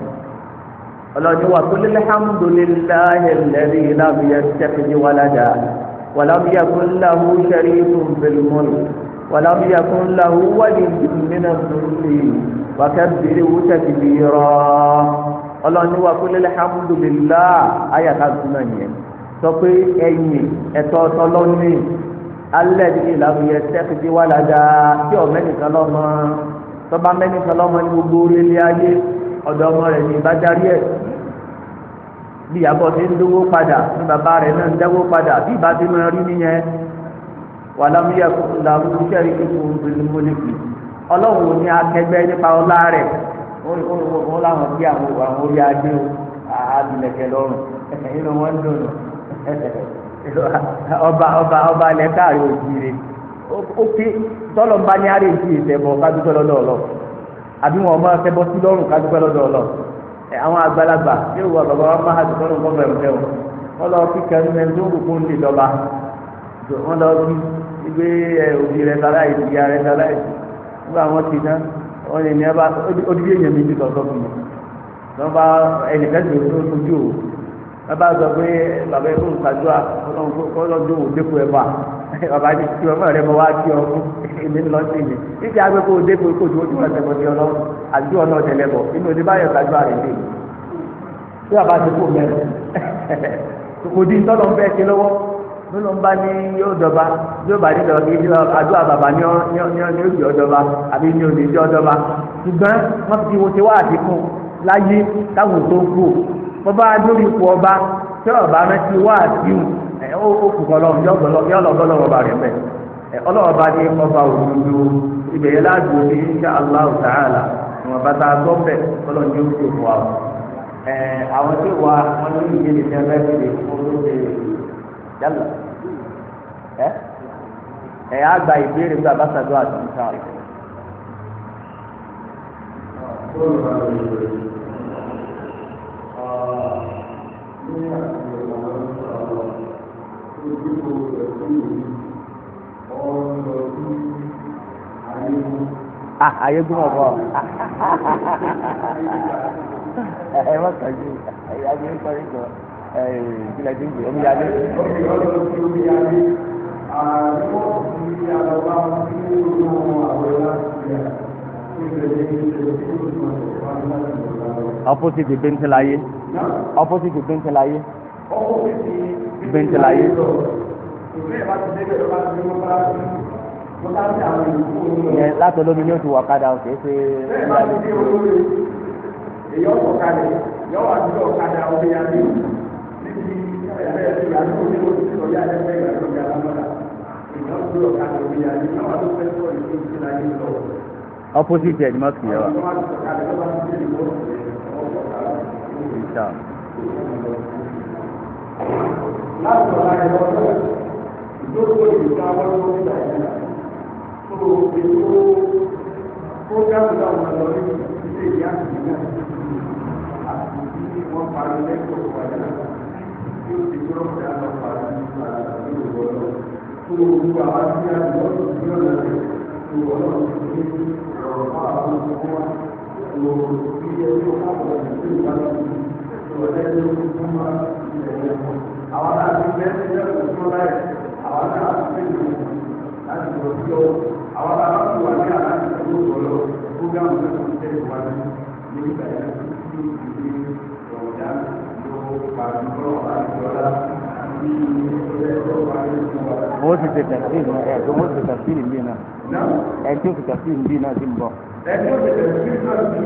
ọlọ́ni wa tó lé alhamdulillahi alladhi lam yattakhidh walada wa lam yakun lahu sharikun fil mulk wa lam yakun lahu waliyyun minaz dhulli wa kabbirhu takbira ọlọ́ni wa tó lé alhamdulillahi ayàká súnmọ́ yẹn sọ pé ẹ̀yìn ẹ̀tọ́ ọ̀tọ́ lọ́nìí alẹ́ni ìlànà yẹn sẹ́kìtì wà ládàá tí ọ̀mẹ́nìkan lọ́mọ tọ́ba mẹ́nìkan lọ́mọ ní gbogbo orílẹ̀ ayé ọ̀dọ̀ ọmọ rẹ̀ ní ìbájárí ẹ̀ bí ìyàbọ̀ ti ń dówó padà bí bàbá rẹ̀ náà ń padà bí ìbá ti máa rí nìyẹn wà lámúyẹ làwọn oníṣẹ́ rí mọ́lẹ́kì ọlọ́run ní akẹgbẹ́ nípa ọlá rẹ̀ wọ́n láwọn bí àwọn àwọn orí adé o àbìlẹ̀kẹ̀ lọ́rùn ń dùn ọba ọba ọba ilẹ̀ káàrí òjìire ó ké tọ́lọ̀ ń bá ní àrèjì ìtẹ̀bọ̀ lọ́dọ̀ àbí wọn ọmọ sí lọ́rùn lọ́dọ̀ àwọn agbalagba yóò wọ bàbá wọn máa dùkọ́ lóun kọ́fẹ́ o wọ́n lọ kí kẹrin mẹ́rin tó kù fún ìdọ̀ba wọ́n lọ kí igbe òbí ìyá nígbà wọn ti ná wọn lè ní ẹ bá odidi èèyàn mi ti fún mi wọn bá ẹnìkan tó tó o bá bàbá yìí tí ọmọ rẹ mọ wá kí ọ fún èmi lọ sí mi títí agbẹ́kọ̀ òde kò kó tó dúró ẹsẹ̀ mọ́tì ọlọ́ àti ọ̀nà ọ̀tẹ̀lẹ̀ bọ̀ inú òde báyọ̀ gbàgbọ́ rẹ̀ dé tí bàbá ti kú mẹ́rin kò di tọ́lọ̀ ń bẹ́ẹ̀ ṣe lọ́wọ́ nínú bá ní yóò dọba yóò bá ní lọ kí ní àdúrà ní òbí ọdọba àbí ní òbí ìjọ ṣùgbọ́n wọ́n ti wo ti wá àdínkù láyé táwọn tó kù bọ́bá lórí ipò ọba tí ọba rántí wá àdínkù ẹ ó kù kọlọ́ọ̀ yọ̀ọ̀lọ́ ọba rẹ̀ mẹ́ ẹ ọlọ́wọ́ bá ní ọba òdodo ibẹ̀ yẹn láti ní ìwọ̀n o. ẹ àwọn tí wà wọn ní ìdílé ní ẹgbẹ́ ti lè fún lóde yálà ẹ ẹ á ìbéèrè bí àti Thank you. Ah, ẹ̀kú yìí ọ̀rọ̀ bí ayégun. ayégun ọkọ ẹ má kàjú ayégun sọrí kan ẹ ìpínlẹ̀ tí ń gbé omi yára. omi yọ̀ọ́ lọ sí omi yára àwọn omi yára wá sí ojú àwọn àwọn láti yà opposite bentilaye opposite bentilaye bẹ̀ntìláyé. yẹn látọ̀ lómi ni ó ti wà kadà ọ̀sẹ̀ ṣe. opposite ẹ̀ ni wọ́n kì í láti ọ̀la ẹ̀rọ náà ìdókòwò ìdíkà wọn ló ń gbà yẹn tó ètò fógáàmù náà lọ ní ilé ìyá ìgbìmọ̀ àti bí wọ́n parí lẹ́kọ̀ọ́ wáyé náà tí ó ti gbọ́dọ̀ fẹ́ àlọ́ parí nípa àti ìwọ náà tó gbogbo àwọn tí a lọ sí ìwọ náà rẹ̀ tó wọ́n náà ti ní ọ̀rọ̀ fún àwọn ọmọ tó bí ẹjọ́ fún àwọn ìdílé ìrọ̀lẹ́ tó ń fún wa ilẹ̀ yẹn mọ́. Àwọn náà ti bẹ́ẹ̀ ti bẹ́ẹ̀ kò fún láì. Àwọn náà ti bẹ́ẹ̀ lò ó láti lọ sí ọ. Àwọn náà bá ní àlàyé tó Mo ti ṣe tẹ̀sí náà náà. Ẹ tí ó ti tẹ̀sí ìlú náà ti ń Ẹ tí ó ti tẹ̀sí ìlú náà ti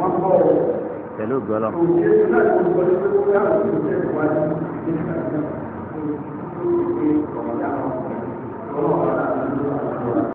wọ́n pẹ̀lú gbọ́lọ̀.